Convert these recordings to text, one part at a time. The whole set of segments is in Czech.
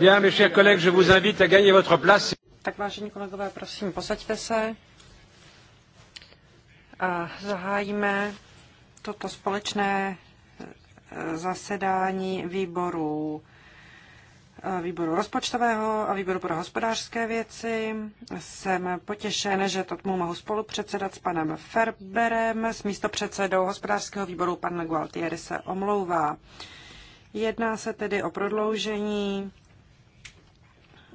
Bien, mes chers collègues, je vous invite à gagner votre place. Tak vážení kolegové, prosím, posaďte se a zahájíme toto společné eh, zasedání výboru eh, výboru rozpočtového a výboru pro hospodářské věci. Jsem potěšen, že tomu mohu spolupředsedat s panem Ferberem. S místopředsedou hospodářského výboru pan Gualtieri se omlouvá. Jedná se tedy o prodloužení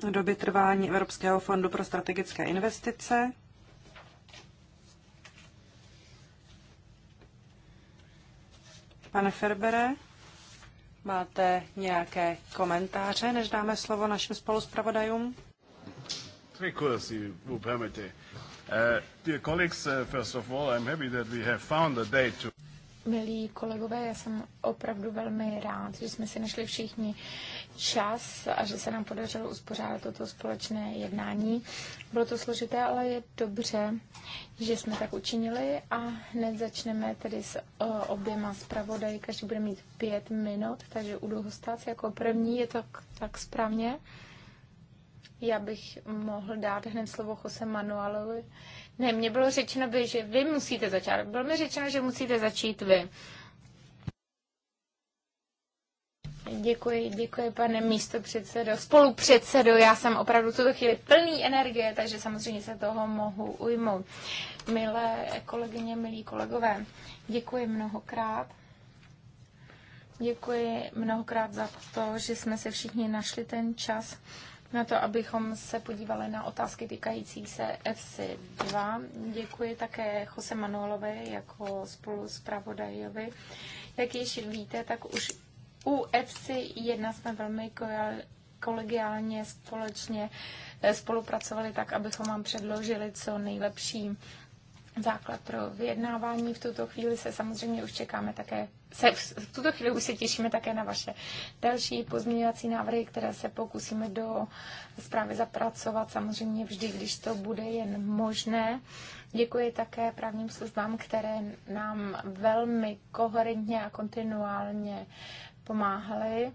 doby trvání Evropského fondu pro strategické investice. Pane Ferbere, máte nějaké komentáře, než dáme slovo našim spoluspravodajům? Three Uh, dear colleagues, uh, first of all, I'm happy that we have found a date to... Milí kolegové, já jsem opravdu velmi rád, že jsme si našli všichni čas a že se nám podařilo uspořádat toto společné jednání. Bylo to složité, ale je dobře, že jsme tak učinili a hned začneme tedy s oběma zpravodaji. Každý bude mít pět minut, takže u Hostác jako první je to tak správně. Já bych mohl dát hned slovo Jose Manuelovi, ne, mně bylo řečeno, by, že vy musíte začít. Bylo mi řečeno, že musíte začít vy. Děkuji, děkuji, pane místo předsedo, spolupředsedo. Já jsem opravdu tuto chvíli plný energie, takže samozřejmě se toho mohu ujmout. Milé kolegyně, milí kolegové, děkuji mnohokrát. Děkuji mnohokrát za to, že jsme se všichni našli ten čas na to, abychom se podívali na otázky týkající se FC2. Děkuji také Jose Manuelovi jako spolu s Pravodajovi. Jak již víte, tak už u FC1 jsme velmi kolegiálně společně eh, spolupracovali tak, abychom vám předložili co nejlepší základ pro vyjednávání. V tuto chvíli se samozřejmě už čekáme také, se, v tuto chvíli už se těšíme také na vaše další pozměňovací návrhy, které se pokusíme do zprávy zapracovat, samozřejmě vždy, když to bude jen možné. Děkuji také právním službám, které nám velmi koherentně a kontinuálně pomáhaly.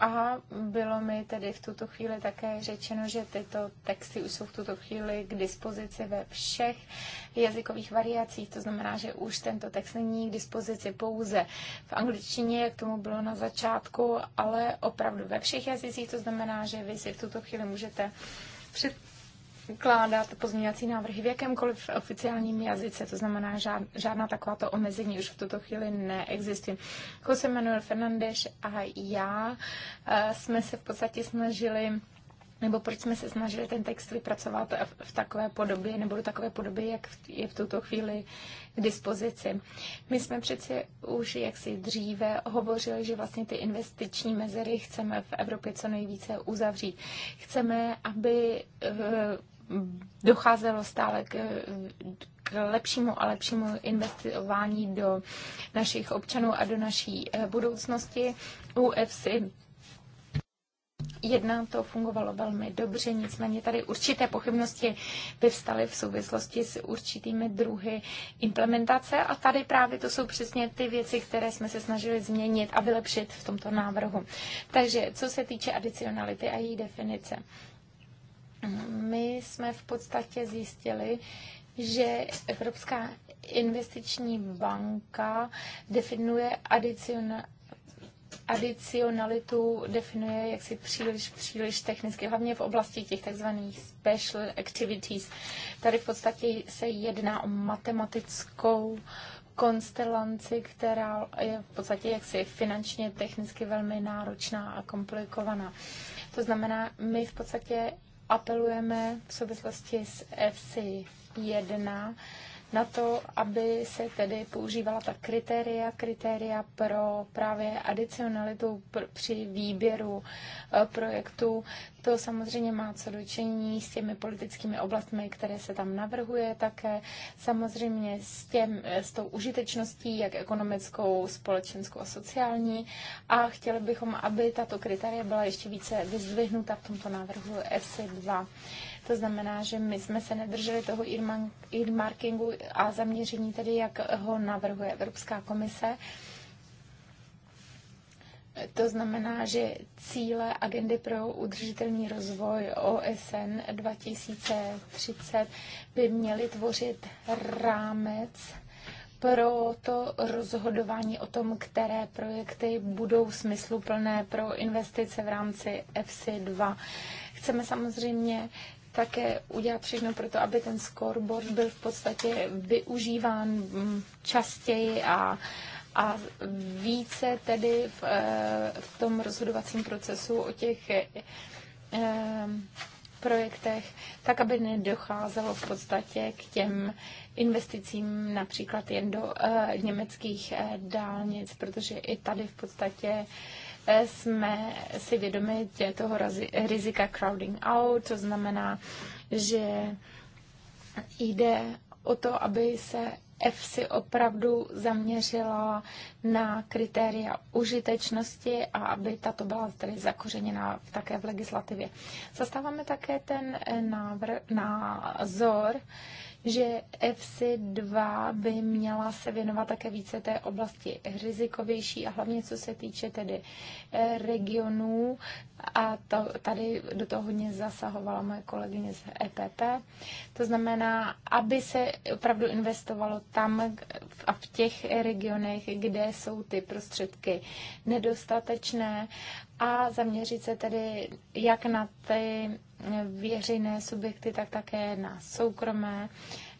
A bylo mi tedy v tuto chvíli také řečeno, že tyto texty už jsou v tuto chvíli k dispozici ve všech jazykových variacích. To znamená, že už tento text není k dispozici pouze v angličtině, jak tomu bylo na začátku, ale opravdu ve všech jazycích. To znamená, že vy si v tuto chvíli můžete před předkládat pozměňovací návrhy v jakémkoliv oficiálním jazyce, to znamená, žád, žádná takováto omezení už v tuto chvíli neexistuje. Jose jako Manuel Fernandez a já eh, jsme se v podstatě snažili nebo proč jsme se snažili ten text vypracovat v takové podobě, nebo do takové podoby, jak je v tuto chvíli k dispozici. My jsme přeci už jaksi dříve hovořili, že vlastně ty investiční mezery chceme v Evropě co nejvíce uzavřít. Chceme, aby eh, docházelo stále k, k lepšímu a lepšímu investování do našich občanů a do naší eh, budoucnosti. U EFSI Jedna to fungovalo velmi dobře, nicméně tady určité pochybnosti vyvstaly v souvislosti s určitými druhy implementace a tady právě to jsou přesně ty věci, které jsme se snažili změnit a vylepšit v tomto návrhu. Takže co se týče adicionality a její definice my jsme v podstatě zjistili, že Evropská investiční banka definuje adicion, adicionalitu, definuje jaksi příliš, příliš technicky, hlavně v oblasti těch takzvaných special activities. Tady v podstatě se jedná o matematickou konstelanci, která je v podstatě jaksi finančně, technicky velmi náročná a komplikovaná. To znamená, my v podstatě apelujeme v souvislosti s FC1 na to, aby se tedy používala ta kritéria, kritéria pro právě adicionalitu při výběru eh, projektu. To samozřejmě má co dočení s těmi politickými oblastmi, které se tam navrhuje také, samozřejmě s, těm, eh, s tou užitečností, jak ekonomickou, společenskou a sociální. A chtěli bychom, aby tato kritéria byla ještě více vyzdvihnuta v tomto návrhu ESI 2. To znamená, že my jsme se nedrželi toho earmarkingu a zaměření tedy, jak ho navrhuje Evropská komise. To znamená, že cíle agendy pro udržitelný rozvoj OSN 2030 by měly tvořit rámec pro to rozhodování o tom, které projekty budou smysluplné pro investice v rámci FC2. Chceme samozřejmě také udělat všechno pro to, aby ten scoreboard byl v podstatě využíván mm, častěji a, a více tedy v, eh, v tom rozhodovacím procesu o těch eh, projektech, tak aby nedocházelo v podstatě k těm investicím například jen do eh, německých dálnic, protože i tady v podstatě jsme si vědomi toho rizika crowding out, to znamená, že jde o to, aby se EFSI opravdu zaměřila na kritéria užitečnosti a aby tato byla tedy zakořeněna také v legislativě. Zastáváme také ten eh, návr, názor, že FC2 by měla se věnovat také více té oblasti rizikovější a hlavně co se týče tedy eh, regionů a to, tady do toho hodně zasahovala moje kolegyně z EPP. To znamená, aby se opravdu investovalo tam a v těch regionech, kde jsou ty prostředky nedostatečné a zaměřit se tedy jak na ty věřejné subjekty, tak také na soukromé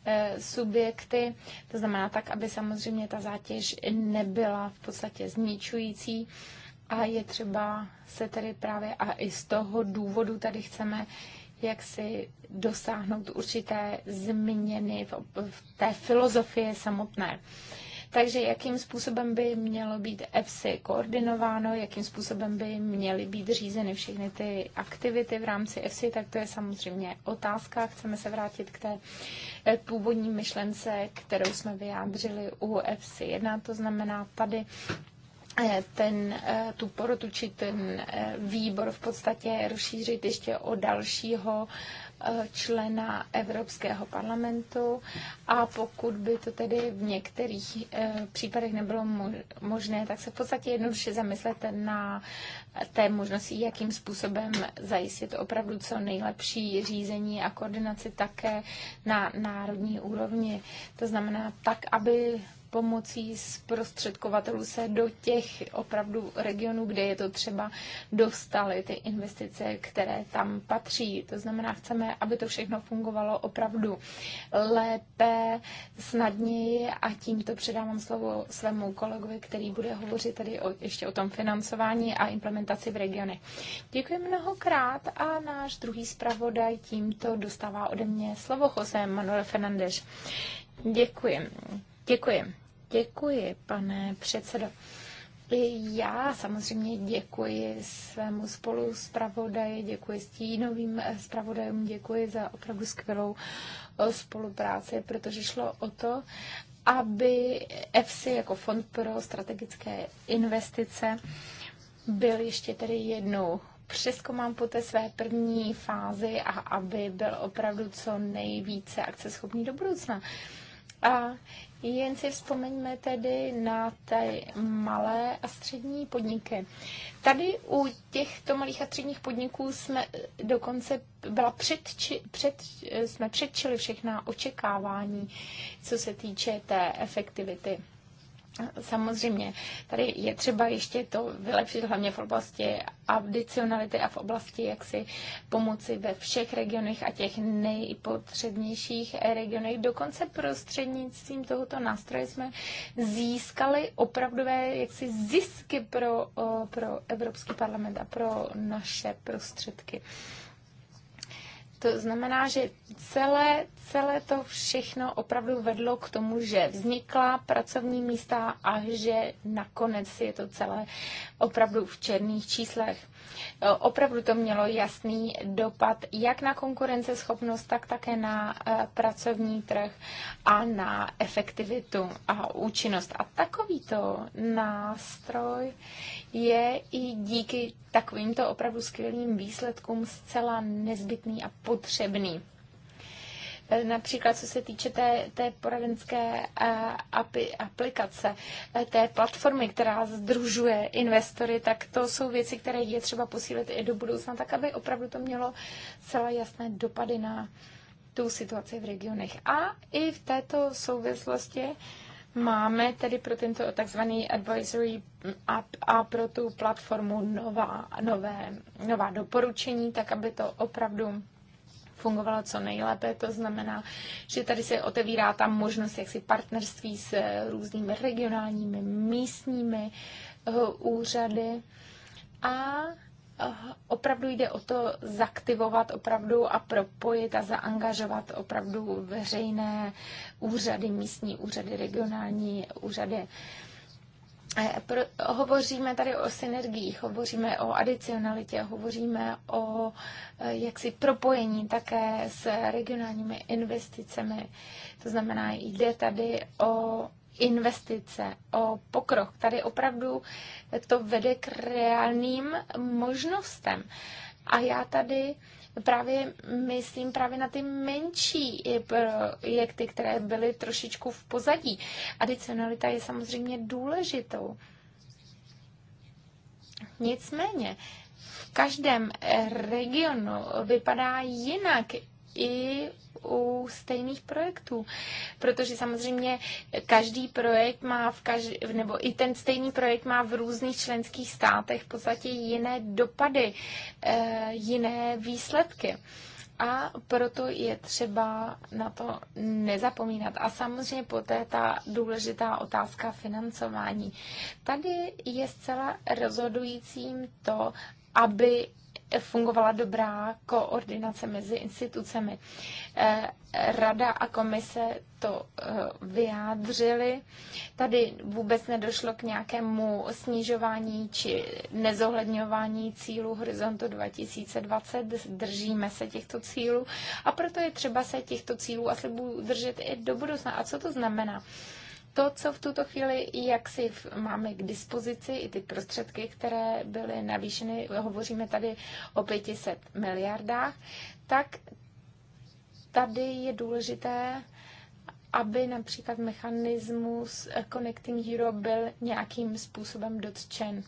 eh, subjekty. To znamená tak, aby samozřejmě ta zátěž nebyla v podstatě zničující. A je třeba se tedy právě a i z toho důvodu tady chceme jak si dosáhnout určité změny v, té filozofii samotné. Uh, takže jakým způsobem by mělo být EFSI koordinováno, jakým způsobem by měly být řízeny všechny ty aktivity v rámci EFSI, tak to je samozřejmě otázka. Chceme se vrátit k té eh, původní myšlence, kterou jsme vyjádřili u EFSI 1, to znamená tady eh, ten, eh, tu porotu či ten výbor v podstatě rozšířit ještě o dalšího Eh, člena Evropského parlamentu a pokud by to tedy v některých eh, případech nebylo možné, tak se v podstatě jednoduše zamyslete na té možnosti, jakým způsobem zajistit opravdu co nejlepší řízení a koordinaci také na národní úrovni. To znamená tak, aby pomocí zprostředkovatelů se do těch opravdu regionů, kde je to třeba, dostaly ty investice, které tam patří. To znamená, chceme, aby to všechno fungovalo opravdu lépe, snadněji a tímto předávám slovo svému kolegovi, který bude hovořit tady o, ještě o tom financování a implementaci v regiony. Děkuji mnohokrát a náš druhý zpravodaj tímto dostává ode mě slovo Jose Manuel Fernandez. Děkuji. Děkuji. Děkuji, pane předsedo. Já samozřejmě děkuji svému spolu zpravodaji, děkuji stínovým eh, zpravodajům, děkuji za opravdu skvělou eh, spolupráci, protože šlo o to, aby EFSI jako Fond pro strategické investice byl ještě tedy jednou přeskomám po té své první fázi a aby byl opravdu co nejvíce akceschopný do budoucna. A jen si vzpomeňme tedy na ty malé a střední podniky. Tady u těchto malých a středních podniků jsme dokonce byla předči, před, jsme předčili všechna očekávání, co se týče té efektivity. Samozřejmě, tady je třeba ještě to vylepšit hlavně v oblasti adicionality a v oblasti jak si pomoci ve všech regionech a těch nejpotřebnějších regionech. Dokonce prostřednictvím tohoto nástroje jsme získali opravdové jaksi zisky pro, pro Evropský parlament a pro naše prostředky. To znamená, že celé, celé to všechno opravdu vedlo k tomu, že vznikla pracovní místa a že nakonec je to celé opravdu v černých číslech. Opravdu to mělo jasný dopad jak na konkurenceschopnost, tak také na eh, pracovní trh a na efektivitu a účinnost. A takovýto nástroj je i díky takovýmto opravdu skvělým výsledkům zcela nezbytný a potřebný například co se týče té, té poradenské eh, aplikace, eh, té platformy, která združuje investory, tak to jsou věci, které je třeba posílit i do budoucna, tak aby opravdu to mělo celé jasné dopady na tu situaci v regionech. A i v této souvislosti máme tedy pro tento takzvaný advisory app a pro tu platformu nová, nové, nová doporučení, tak aby to opravdu fungovalo co nejlépe. To znamená, že tady se otevírá tam možnost jaksi partnerství s různými regionálními, místními eh, úřady. A eh, opravdu jde o to zaktivovat opravdu a propojit a zaangažovat opravdu veřejné úřady, místní úřady, regionální úřady. Eh, hovoříme tady o synergiích, hovoříme o adicionalitě, hovoříme o eh, jaksi propojení také s regionálními investicemi. To znamená, jde tady o investice, o pokrok. Tady opravdu to vede k reálným možnostem. A já tady právě myslím právě na ty menší projekty, které byly trošičku v pozadí. Adicionalita je samozřejmě důležitou. Nicméně, v každém regionu vypadá jinak i u stejných projektů, protože samozřejmě každý projekt má v každý, nebo i ten stejný projekt má v různých členských státech v podstatě jiné dopady, eh, jiné výsledky. A proto je třeba na to nezapomínat. A samozřejmě poté ta důležitá otázka financování. Tady je zcela rozhodujícím to, aby fungovala dobrá koordinace mezi institucemi. Eh, Rada a komise to eh, vyjádřili. Tady vůbec nedošlo k nějakému snižování či nezohledňování cílů horizontu 2020. Držíme se těchto cílů a proto je třeba se těchto cílů a slibů držet i do budoucna. A co to znamená? to, co v tuto chvíli, jak si máme k dispozici, i ty prostředky, které byly navýšeny, hovoříme tady o 500 miliardách, tak tady je důležité, aby například mechanismus Connecting Europe byl nějakým způsobem dotčen.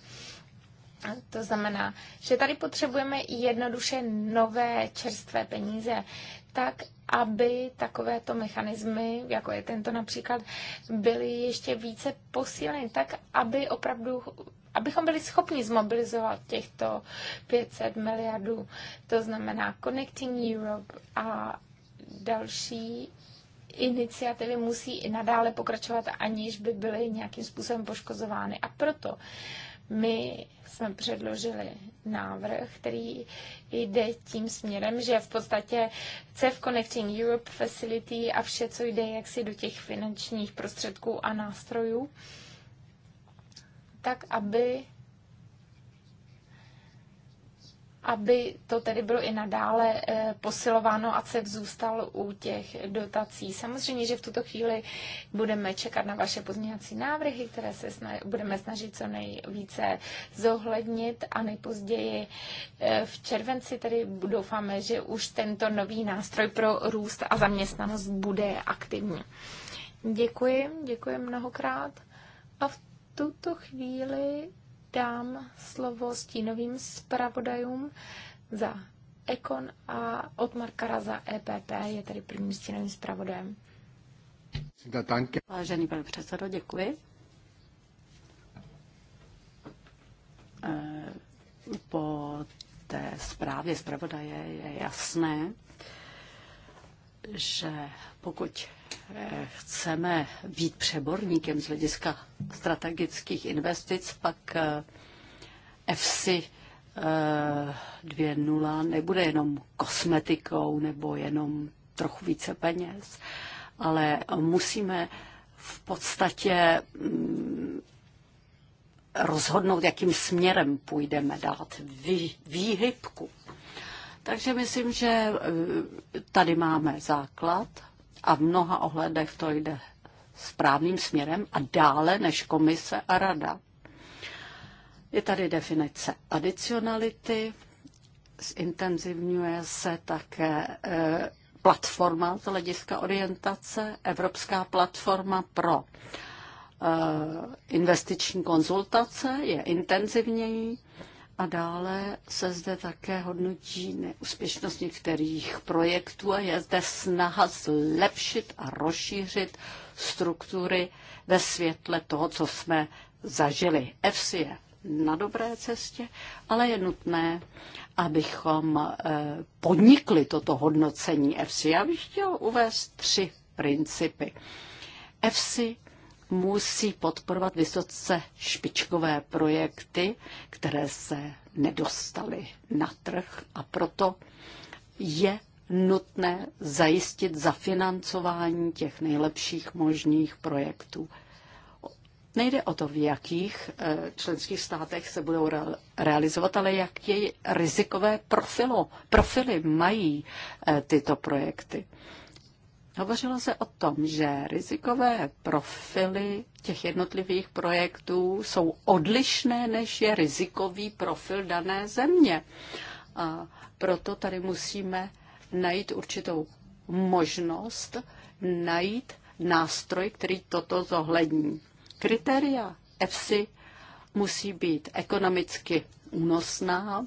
To znamená, že tady potřebujeme jednoduše nové čerstvé peníze, tak aby takovéto mechanismy, jako je tento například, byly ještě více posíleny, tak aby opravdu abychom byli schopni zmobilizovat těchto 500 miliardů, to znamená Connecting Europe a další iniciativy musí i nadále pokračovat, aniž by byly nějakým způsobem poškozovány. A proto my jsme předložili návrh, který jde tím směrem, že v podstatě CEF Connecting Europe Facility a vše, co jde jaksi do těch finančních prostředků a nástrojů, tak aby aby to tedy bylo i nadále eh, posilováno a CEF zůstal u těch dotací. Samozřejmě, že v tuto chvíli budeme čekat na vaše pozměňovací návrhy, které se snaž, budeme snažit co nejvíce zohlednit a nejpozději eh, v červenci tedy doufáme, že už tento nový nástroj pro růst a zaměstnanost bude aktivní. Děkuji, děkuji mnohokrát. A v tuto chvíli dám slovo stínovým zpravodajům za Ekon a od Markara za EPP je tady prvním stínovým zpravodajem. Vážený pane předsedo, děkuji. Eh, po té zprávě zpravodaje je jasné, že pokud eh, chceme být přeborníkem z hlediska strategických investic, pak EFSI eh, 2.0 eh, nebude jenom kosmetikou nebo jenom trochu více peněz, ale musíme v podstatě mm, rozhodnout, jakým směrem půjdeme dát výhybku takže myslím, že e, tady máme základ a v mnoha ohledech to jde správným směrem a dále než komise a rada. Je tady definice adicionality, zintenzivňuje se také e, platforma z hlediska orientace, Evropská platforma pro e, investiční konzultace je intenzivnější. A dále se zde také hodnotí neúspěšnost některých projektů a je zde snaha zlepšit a rozšířit struktury ve světle toho, co jsme zažili. FC je na dobré cestě, ale je nutné, abychom eh, podnikli toto hodnocení FC. Já bych chtěl uvést tři principy. FC musí podporovat vysoce špičkové projekty, které se nedostaly na trh a proto je nutné zajistit zafinancování těch nejlepších možných projektů. Nejde o to, v jakých eh, členských státech se budou realizovat, ale jaké rizikové profilo, profily mají eh, tyto projekty. Hovořilo se o tom, že rizikové profily těch jednotlivých projektů jsou odlišné, než je rizikový profil dané země. A proto tady musíme najít určitou možnost, najít nástroj, který toto zohlední. Kritéria EFSI musí být ekonomicky únosná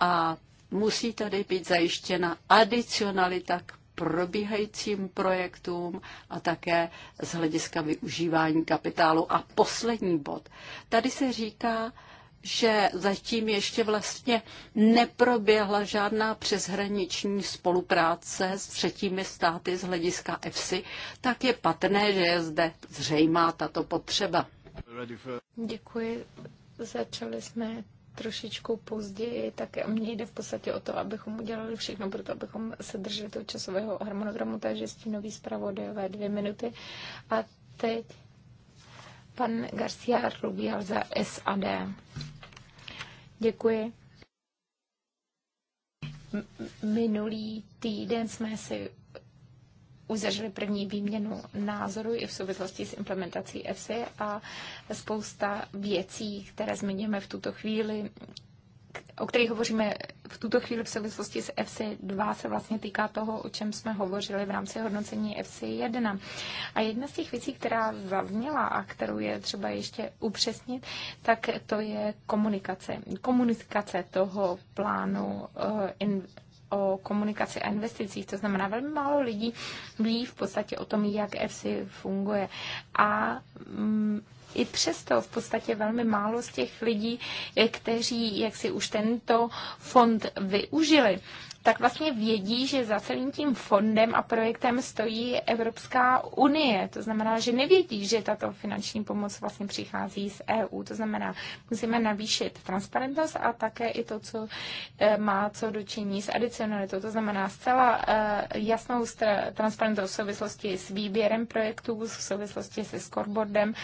a musí tady být zajištěna adicionalita k probíhajícím projektům a také z hlediska využívání kapitálu. A poslední bod. Tady se říká, že zatím ještě vlastně neproběhla žádná přeshraniční spolupráce s třetími státy z hlediska EFSI, tak je patrné, že je zde zřejmá tato potřeba. Děkuji. Začali jsme trošičku později, tak mně jde v podstatě o to, abychom udělali všechno pro to, abychom se drželi toho časového harmonogramu, takže s tím nový zpravodajové dvě minuty. A teď pan Garcia Rubial za SAD. Děkuji. Minulý týden jsme si už zažili první výměnu názoru i v souvislosti s implementací EFSI a spousta věcí, které zmiňujeme v tuto chvíli, o kterých hovoříme v tuto chvíli v souvislosti s EFSI 2, se vlastně týká toho, o čem jsme hovořili v rámci hodnocení EFSI 1. A jedna z těch věcí, která zazněla a kterou je třeba ještě upřesnit, tak to je komunikace. Komunikace toho plánu eh, in, o komunikaci a investicích, to znamená velmi málo lidí ví v podstatě o tom, jak EFSI funguje. A mm, i přesto v podstatě velmi málo z těch lidí, kteří jak si už tento fond využili, tak vlastně vědí, že za celým tím fondem a projektem stojí Evropská unie. To znamená, že nevědí, že tato finanční pomoc vlastně přichází z EU. To znamená, musíme navýšit transparentnost a také i to, co eh, má co dočení s adicionalitou. To znamená zcela eh, jasnou transparentnost v souvislosti s výběrem projektů, v souvislosti se scoreboardem,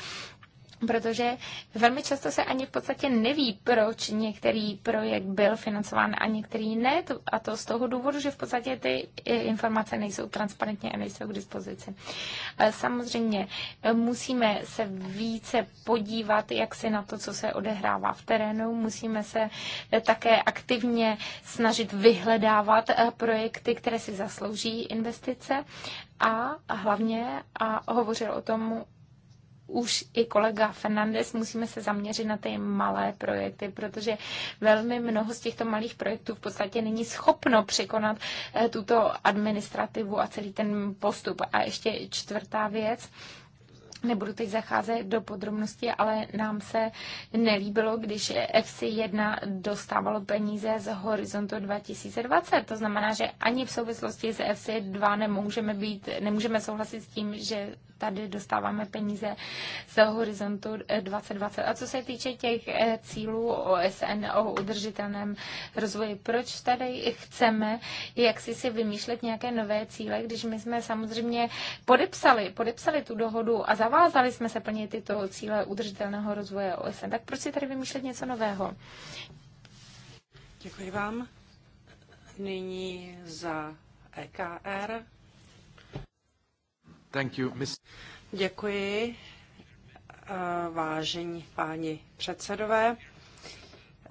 protože velmi často se ani v podstatě neví, proč některý projekt byl financován a některý ne, a to z toho důvodu, že v podstatě ty eh, informace nejsou transparentně a nejsou k dispozici. Samozřejmě eh, musíme se více podívat, jak si na to, co se odehrává v terénu, musíme se eh, také aktivně snažit vyhledávat projekty, které si zaslouží investice a hlavně, a hovořil o tom už i kolega Fernandez, musíme se zaměřit na ty malé projekty, protože velmi mnoho z těchto malých projektů v podstatě není schopno překonat eh, tuto administrativu a celý ten postup. A ještě čtvrtá věc, Nebudu teď zacházet do podrobností, ale nám se nelíbilo, když FC1 dostávalo peníze z horizontu 2020. To znamená, že ani v souvislosti s FC2 nemůžeme, být, nemůžeme souhlasit s tím, že tady dostáváme peníze z horizontu 2020. Eh, a co se týče těch eh, cílů OSN o udržitelném rozvoji, proč tady chceme, jak si si vymýšlet nějaké nové cíle, když my jsme samozřejmě podepsali, podepsali tu dohodu a zavázali jsme se plnit tyto cíle udržitelného rozvoje OSN, tak proč si tady vymýšlet něco nového? Děkuji vám. Nyní za EKR Děkuji, vážení páni předsedové.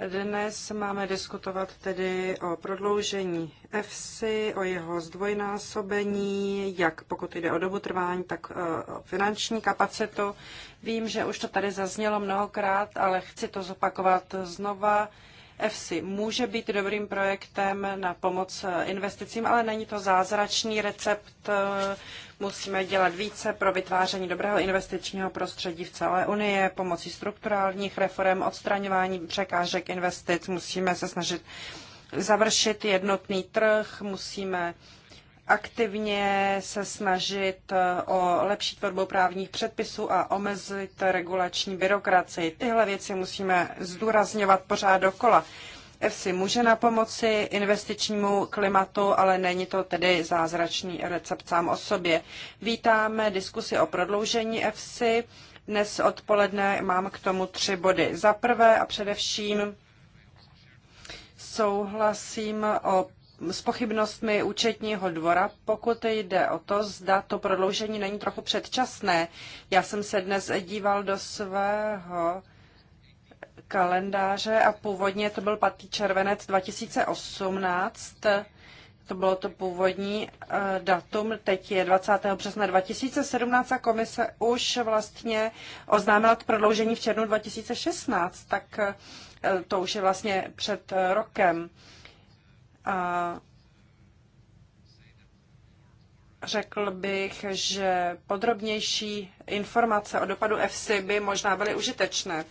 Dnes máme diskutovat tedy o prodloužení EFSI, o jeho zdvojnásobení, jak pokud jde o dobu trvání, tak e, o finanční kapacitu. Vím, že už to tady zaznělo mnohokrát, ale chci to zopakovat znova. EFSI může být dobrým projektem na pomoc eh, investicím, ale není to zázračný recept. Eh, musíme dělat více pro vytváření dobrého investičního prostředí v celé Unii pomocí strukturálních reform, odstraňování překážek investic. Musíme se snažit završit jednotný trh, musíme aktivně se snažit eh, o lepší tvorbu právních předpisů a omezit regulační byrokracii. Tyhle věci musíme zdůrazňovat pořád dokola. EFSI může na pomoci investičnímu klimatu, ale není to tedy zázračný recept sám o sobě. Vítáme diskusi o prodloužení EFSI. Dnes odpoledne mám k tomu tři body. Za prvé a především souhlasím o s pochybnostmi účetního dvora, pokud jde o to, zda to prodloužení není trochu předčasné. Já jsem se dnes díval do svého kalendáře a původně to byl 5. červenec 2018. To bylo to původní eh, datum, teď je 20. března 2017 a komise už vlastně oznámila to prodloužení v červnu 2016, tak eh, to už je vlastně před rokem. A řekl bych, že podrobnější informace o dopadu EFSI by možná byly užitečné.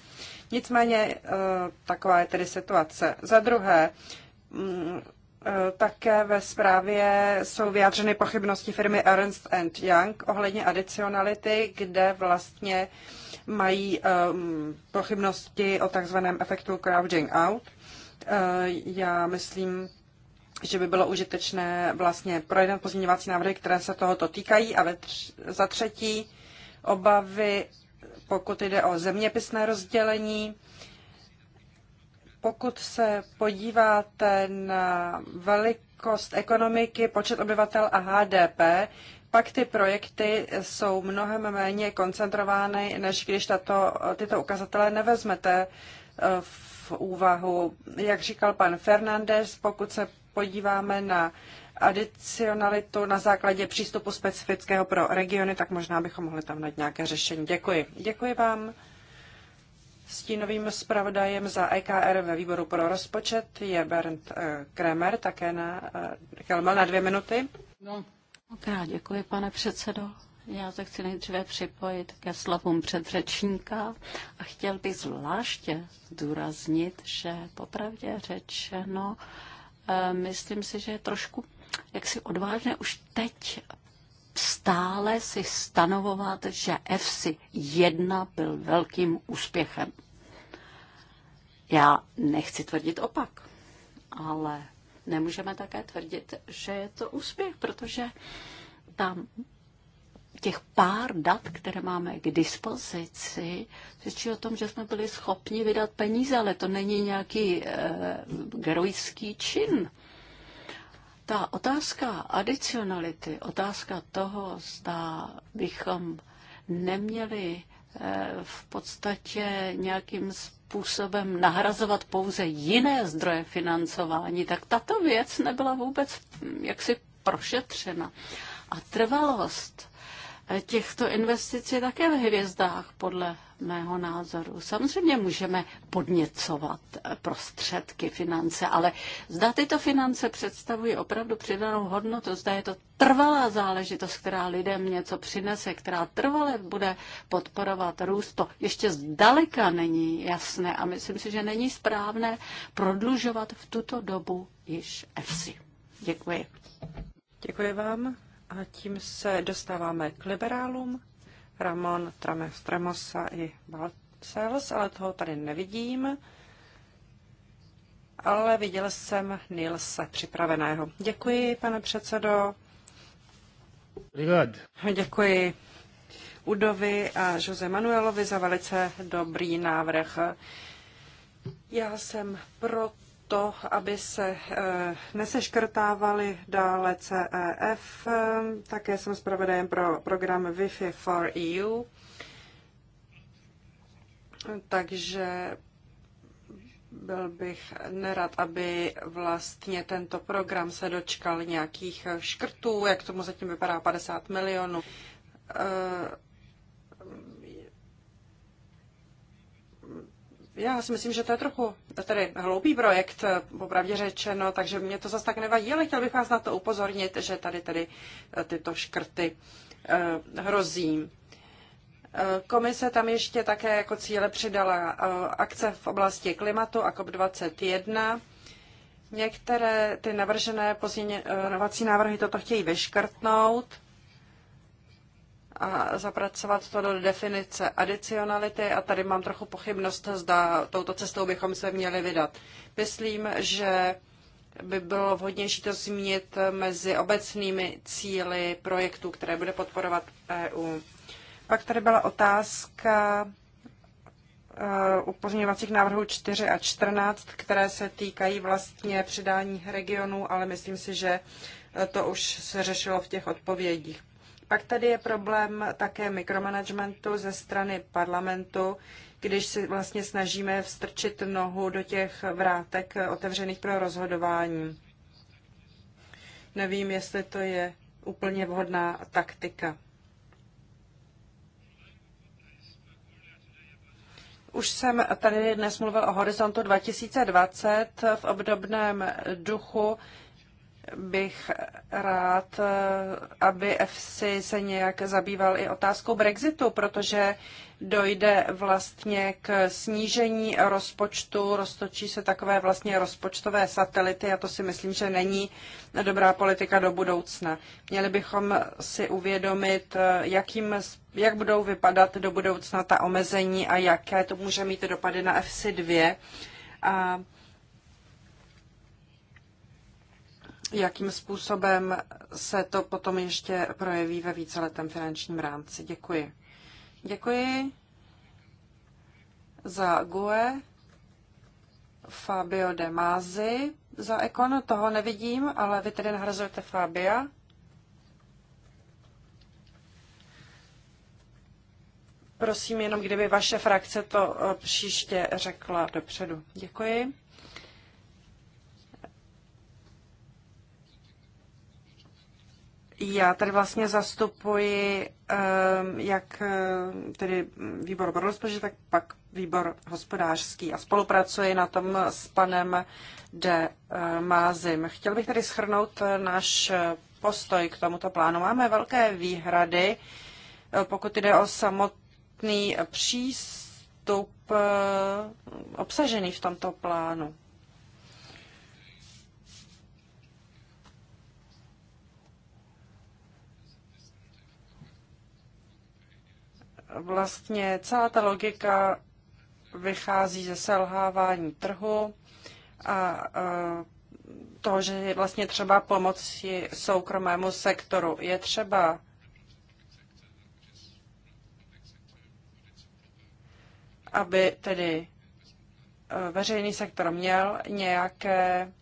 Nicméně eh, taková je tedy situace. Za druhé, mm, eh, také ve zprávě jsou vyjádřeny pochybnosti firmy Ernst Young ohledně adicionality, kde vlastně mají eh, pochybnosti o takzvaném efektu crowding out. Já myslím, že by bylo užitečné vlastně projednat pozměňovací návrhy, které se tohoto týkají. A ve tř- za třetí obavy, pokud jde o zeměpisné rozdělení, pokud se podíváte na velikost ekonomiky, počet obyvatel a HDP, pak ty projekty jsou mnohem méně koncentrovány, než když tato, tyto ukazatele nevezmete eh, v úvahu. Jak říkal pan Fernandez, pokud se podíváme na adicionalitu na základě přístupu specifického pro regiony, tak možná bychom mohli tam najít nějaké řešení. Děkuji. Děkuji vám. Stínovým zpravodajem za EKR ve výboru pro rozpočet je Bernd eh, Kremer, také na, eh, Kelmel na dvě minuty. No. Krát děkuji, pane předsedo. Já se chci nejdříve připojit ke slovům předřečníka a chtěl bych zvláště zdůraznit, že popravdě řečeno, uh, Eh, myslím si, že je trošku jaksi odvážné už teď stále si stanovovat, že fc 1 byl velkým úspěchem. Já nechci tvrdit opak, ale nemůžeme také tvrdit, že je to úspěch, protože tam těch pár dat, které máme k dispozici, řečí o tom, že jsme byli schopni vydat peníze, ale to není nějaký e, geroický čin. Ta otázka adicionality, otázka toho, zda bychom neměli eh, v podstatě nějakým způsobem nahrazovat pouze jiné zdroje financování, tak tato věc nebyla vůbec jaksi prošetřena. A trvalost těchto investic je také v hvězdách, podle mého názoru. Samozřejmě můžeme podněcovat prostředky, finance, ale zda tyto finance představují opravdu přidanou hodnotu, zda je to trvalá záležitost, která lidem něco přinese, která trvale bude podporovat růst, to ještě zdaleka není jasné a myslím si, že není správné prodlužovat v tuto dobu již EFSI. Děkuji. Děkuji vám. A tím se dostáváme k liberálům. Ramon Trames, Tremosa i Balcels, ale toho tady nevidím. Ale viděl jsem Nilse připraveného. Děkuji, pane předsedo. Děkuji Udovi a Jose Manuelovi za velice dobrý návrh. Já jsem pro to, aby se eh, neseškrtávaly dále CEF. Také jsem zpravodajem pro program Wi-Fi for EU. Takže byl bych nerad, aby vlastně tento program se dočkal nějakých škrtů, jak tomu zatím vypadá 50 milionů eh, já si myslím, že to je trochu tedy hloupý projekt, popravdě řečeno, takže mě to zase tak nevadí, ale chtěl bych vás na to upozornit, že tady tedy eh, tyto škrty eh, hrozí. Eh, komise tam ještě také jako cíle přidala akce v oblasti klimatu a COP21. Některé ty navržené pozměňovací návrhy toto chtějí vyškrtnout a zapracovat to do definice adicionality a tady mám trochu pochybnost, zda touto cestou bychom se měli vydat. Myslím, že by bylo vhodnější to zmínit mezi obecnými cíly projektů, které bude podporovat EU. Pak tady byla otázka eh, u pozměňovacích návrhů 4 a 14, které se týkají vlastně přidání regionů, ale myslím si, že to už se řešilo v těch odpovědích. Pak tady je problém také mikromanagementu ze strany parlamentu, když si vlastně snažíme vstrčit nohu do těch vrátek otevřených pro rozhodování. Nevím, jestli to je úplně vhodná taktika. Už jsem tady dnes mluvil o horizontu 2020 v obdobném duchu bych rád, eh, aby FC se nějak zabýval i otázkou Brexitu, protože dojde vlastně k snížení rozpočtu, roztočí se takové vlastně rozpočtové satelity a to si myslím, že není dobrá politika do budoucna. Měli bychom si uvědomit, eh, jakým, jak budou vypadat do budoucna ta omezení a jaké to může mít dopady na FC2. A jakým způsobem se to potom ještě projeví ve víceletém finančním rámci. Děkuji. Děkuji za GUE, Fabio De Mazi, za Ekon, toho nevidím, ale vy tedy nahrazujete Fabia. Prosím jenom, kdyby vaše frakce to eh, příště řekla dopředu. Děkuji. Já tady vlastně zastupuji ehm, jak ehm, tedy výbor pro rozpočet, tak pak výbor hospodářský a spolupracuji na tom s panem De eh, Mázim. Chtěl bych tady schrnout eh, náš eh, postoj k tomuto plánu. Máme velké výhrady, pokud jde o samotný přístup obsažený v tomto plánu. vlastně celá ta logika vychází ze selhávání trhu a to, že je vlastně třeba pomoci soukromému sektoru. Je třeba aby tedy e, veřejný sektor měl nějaké,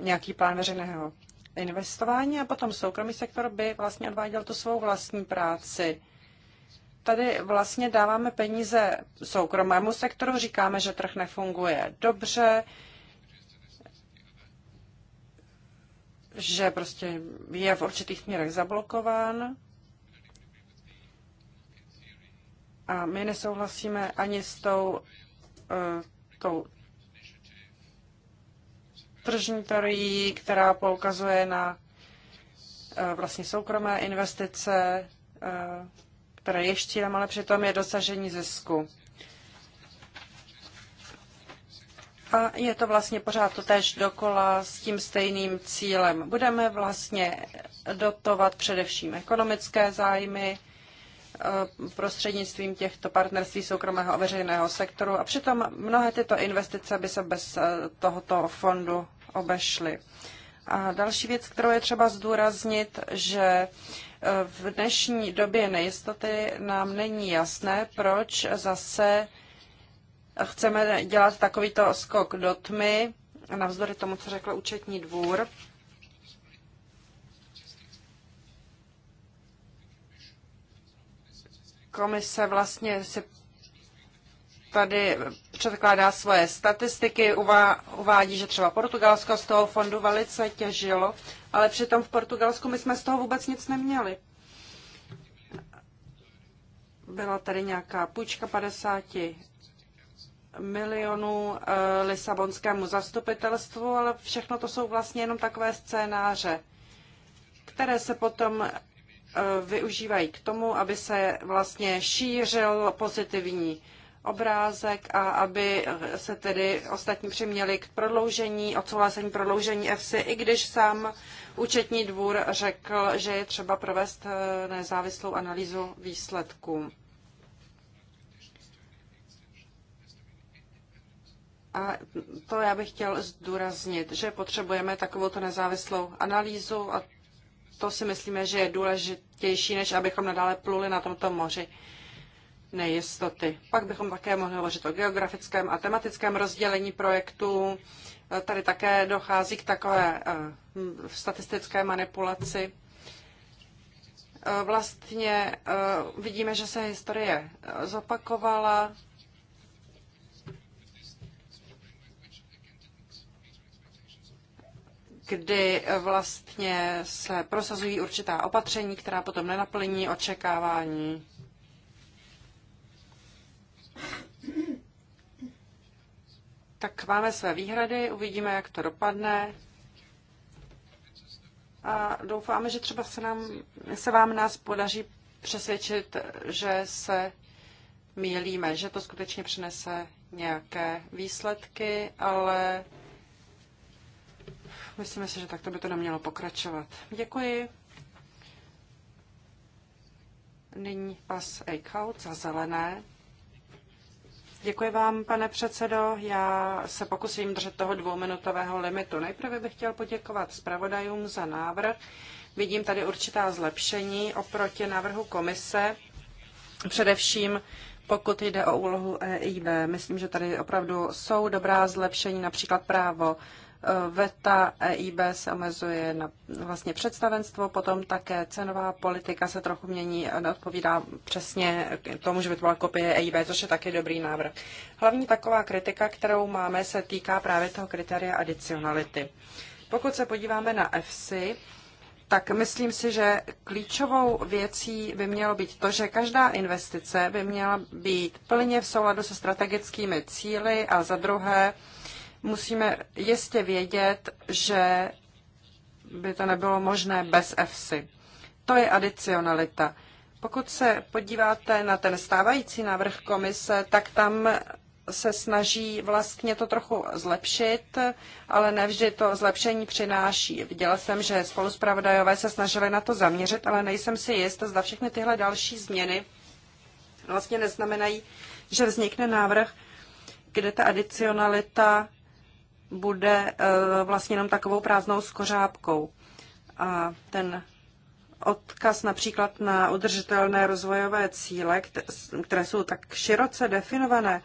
nějaký plán veřejného investování a potom soukromý sektor by vlastně odváděl tu svou vlastní práci tady vlastně dáváme peníze soukromému sektoru, říkáme, že trh nefunguje dobře, že prostě je v určitých směrech zablokován. A my nesouhlasíme ani s tou, uh, tou tržní teorií, která poukazuje na uh, vlastně soukromé investice, uh, praještím, ale přitom je dosažení zisku. A je to vlastně pořád to tež dokola s tím stejným cílem. Budeme vlastně dotovat především ekonomické zájmy e, prostřednictvím těchto partnerství soukromého a veřejného sektoru a přitom mnohé tyto investice by se bez e, tohoto fondu obešly. A další věc, kterou je třeba zdůraznit, že v dnešní době nejistoty nám není jasné, proč zase chceme dělat takovýto skok do tmy, navzdory tomu, co řekl účetní dvůr. Komise vlastně si tady předkládá svoje statistiky, uvá, uvádí, že třeba Portugalsko z toho fondu velice těžilo, ale přitom v Portugalsku my jsme z toho vůbec nic neměli. Byla tady nějaká půjčka 50 milionů e, Lisabonskému zastupitelstvu, ale všechno to jsou vlastně jenom takové scénáře, které se potom e, využívají k tomu, aby se vlastně šířil pozitivní obrázek a aby se tedy ostatní přiměli k prodloužení, odsouhlasení prodloužení EFSI, i když sám účetní dvůr řekl, že je třeba provést eh, nezávislou analýzu výsledků. A to já bych chtěl zdůraznit, že potřebujeme takovou nezávislou analýzu a to si myslíme, že je důležitější, než abychom nadále pluli na tomto moři nejistoty. Pak bychom také mohli hovořit o geografickém a tematickém rozdělení projektů. Tady také dochází k takové eh, hm, statistické manipulaci. Eh, vlastně eh, vidíme, že se historie zopakovala. kdy vlastně se prosazují určitá opatření, která potom nenaplní očekávání Tak máme své výhrady, uvidíme, jak to dopadne. A doufáme, že třeba se, nám, se vám nás podaří přesvědčit, že se mílíme, že to skutečně přinese nějaké výsledky, ale myslíme si, že takto by to nemělo pokračovat. Děkuji. Nyní pas Eichhout za zelené. Děkuji vám, pane předsedo. Já se pokusím držet toho dvouminutového limitu. Nejprve bych chtěl poděkovat zpravodajům za návrh. Vidím tady určitá zlepšení oproti návrhu komise, především pokud jde o úlohu EIB. Myslím, že tady opravdu jsou dobrá zlepšení, například právo veta EIB se omezuje na vlastně představenstvo, potom také cenová politika se trochu mění, odpovídá přesně tomu, že by to byla kopie EIB, což je taky dobrý návrh. Hlavní taková kritika, kterou máme, se týká právě toho kritéria adicionality. Pokud se podíváme na EFSI, tak myslím si, že klíčovou věcí by mělo být to, že každá investice by měla být plně v souladu se strategickými cíly a za druhé, musíme jistě vědět, že by to nebylo možné bez EFSI. To je adicionalita. Pokud se podíváte na ten stávající návrh komise, tak tam se snaží vlastně to trochu zlepšit, ale nevždy to zlepšení přináší. Viděla jsem, že spoluspravodajové se snažili na to zaměřit, ale nejsem si jist, zda všechny tyhle další změny vlastně neznamenají, že vznikne návrh, kde ta adicionalita bude eh, vlastně jenom takovou prázdnou skořápkou. A ten odkaz například na udržitelné rozvojové cíle, které jsou tak široce definované,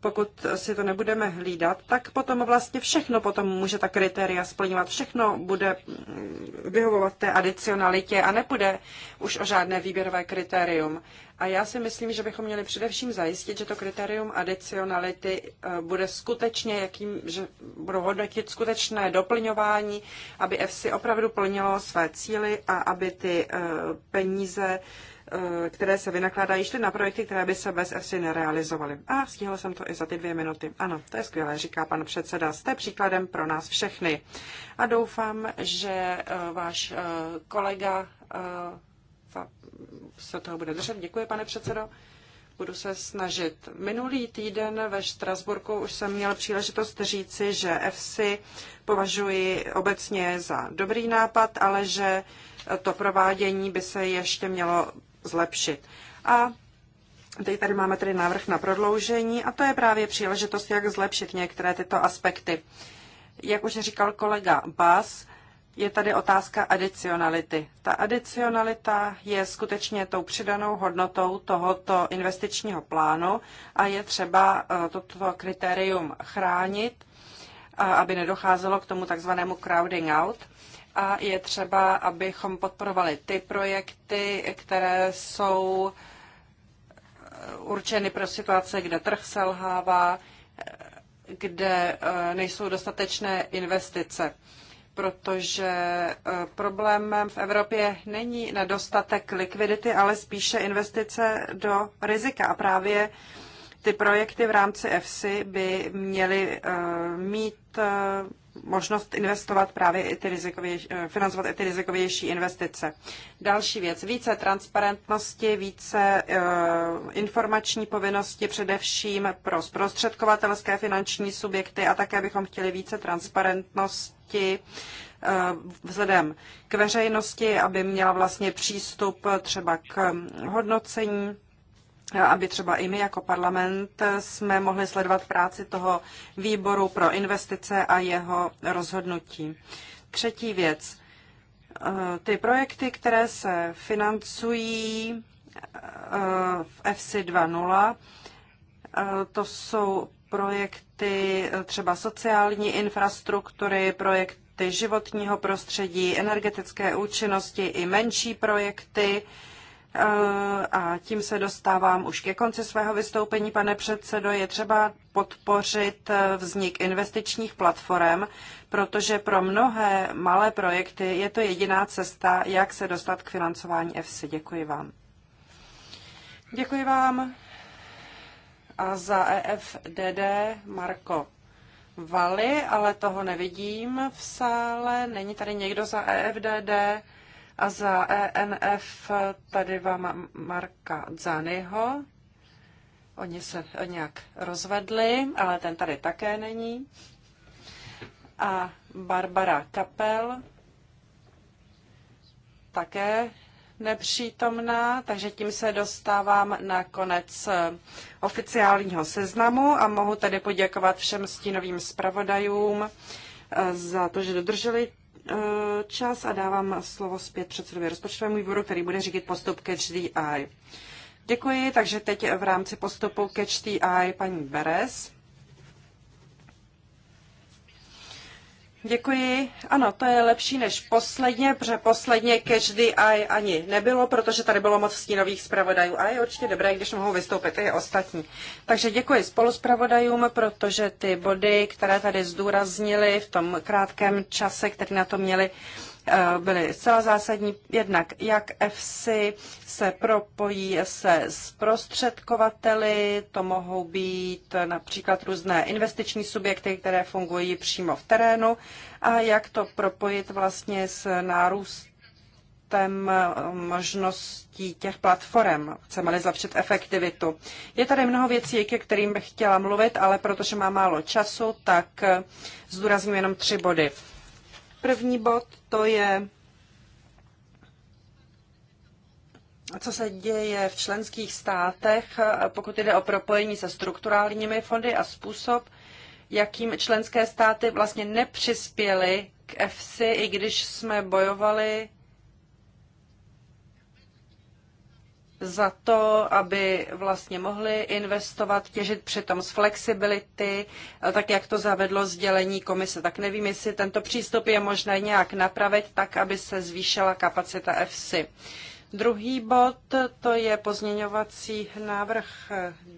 pokud si to nebudeme hlídat, tak potom vlastně všechno potom může ta kritéria splňovat. Všechno bude mm, vyhovovat té adicionalitě a nepůjde už o žádné výběrové kritérium. A já si myslím, že bychom měli především zajistit, že to kritérium adicionality e, bude skutečně, jakým, že budou hodnotit skutečné doplňování, aby FC opravdu plnilo své cíly a aby ty e, peníze Eh, které se vynakládají, šly na projekty, které by se bez EFSI nerealizovaly. A stihl jsem to i za ty dvě minuty. Ano, to je skvělé, říká pan předseda. Jste příkladem pro nás všechny. A doufám, že eh, váš eh, kolega se toho bude držet. Děkuji, pane předsedo. Budu se snažit. Minulý týden ve Štrasburku už jsem měl příležitost říci, že EFSI považuji obecně za dobrý nápad, ale že to provádění by se ještě mělo zlepšit. A teď tady máme tedy návrh na prodloužení a to je právě příležitost, jak zlepšit některé tyto aspekty. Jak už říkal kolega Bas, je tady otázka adicionality. Ta adicionalita je skutečně tou přidanou hodnotou tohoto investičního plánu a je třeba eh, toto kritérium chránit, aby nedocházelo k tomu takzvanému crowding out a je třeba, abychom podporovali ty projekty, které jsou eh, určeny pro situace, kde trh selhává, eh, kde eh, nejsou dostatečné investice. Protože problémem v Evropě není nedostatek likvidity, ale spíše investice do rizika. A právě ty projekty v rámci EFSI by měly mít možnost investovat právě i ty rizikovější, eh, financovat i ty rizikovější investice. Další věc, více transparentnosti, více eh, informační povinnosti především pro zprostředkovatelské finanční subjekty a také bychom chtěli více transparentnosti eh, vzhledem k veřejnosti, aby měla vlastně přístup třeba k hodnocení aby třeba i my jako parlament jsme mohli sledovat práci toho výboru pro investice a jeho rozhodnutí. Třetí věc. E, ty projekty, které se financují e, v FC 2.0, e, to jsou projekty třeba sociální infrastruktury, projekty životního prostředí, energetické účinnosti i menší projekty, a tím se dostávám už ke konci svého vystoupení, pane předsedo. Je třeba podpořit vznik investičních platform, protože pro mnohé malé projekty je to jediná cesta, jak se dostat k financování EFSI. Děkuji vám. Děkuji vám. A za EFDD Marko Vali, ale toho nevidím v sále. Není tady někdo za EFDD? A za ENF tady vám Marka Dzányho. Oni se nějak rozvedli, ale ten tady také není. A Barbara Kapel také nepřítomná, takže tím se dostávám na konec eh, oficiálního seznamu a mohu tady poděkovat všem stínovým zpravodajům eh, za to, že dodrželi čas a dávám slovo zpět předsedovi rozpočtovému výboru, který bude řídit postup ke HDI. Děkuji, takže teď v rámci postupu ke HDI paní Beres. Děkuji. Ano, to je lepší než posledně, protože posledně každý aj ani nebylo, protože tady bylo moc stínových zpravodajů a je určitě dobré, když mohou vystoupit i ostatní. Takže děkuji spoluzpravodajům, protože ty body, které tady zdůraznili v tom krátkém čase, který na to měli, Eh, byly zcela zásadní. Jednak, jak EFSI se propojí se zprostředkovateli, to mohou být například různé investiční subjekty, které fungují přímo v terénu, a jak to propojit vlastně s nárůstem eh, možností těch platform. Chceme-li zlepšit efektivitu. Je tady mnoho věcí, ke kterým bych chtěla mluvit, ale protože mám málo času, tak eh, zdůrazním jenom tři body. První bod to je, co se děje v členských státech, pokud jde o propojení se strukturálními fondy a způsob, jakým členské státy vlastně nepřispěly k EFSI, i když jsme bojovali za to, aby vlastně mohli investovat, těžit přitom z flexibility, eh, tak jak to zavedlo sdělení komise. Tak nevím, jestli tento přístup je možné nějak napravit tak, aby se zvýšila kapacita EFSI. Druhý bod to je pozměňovací návrh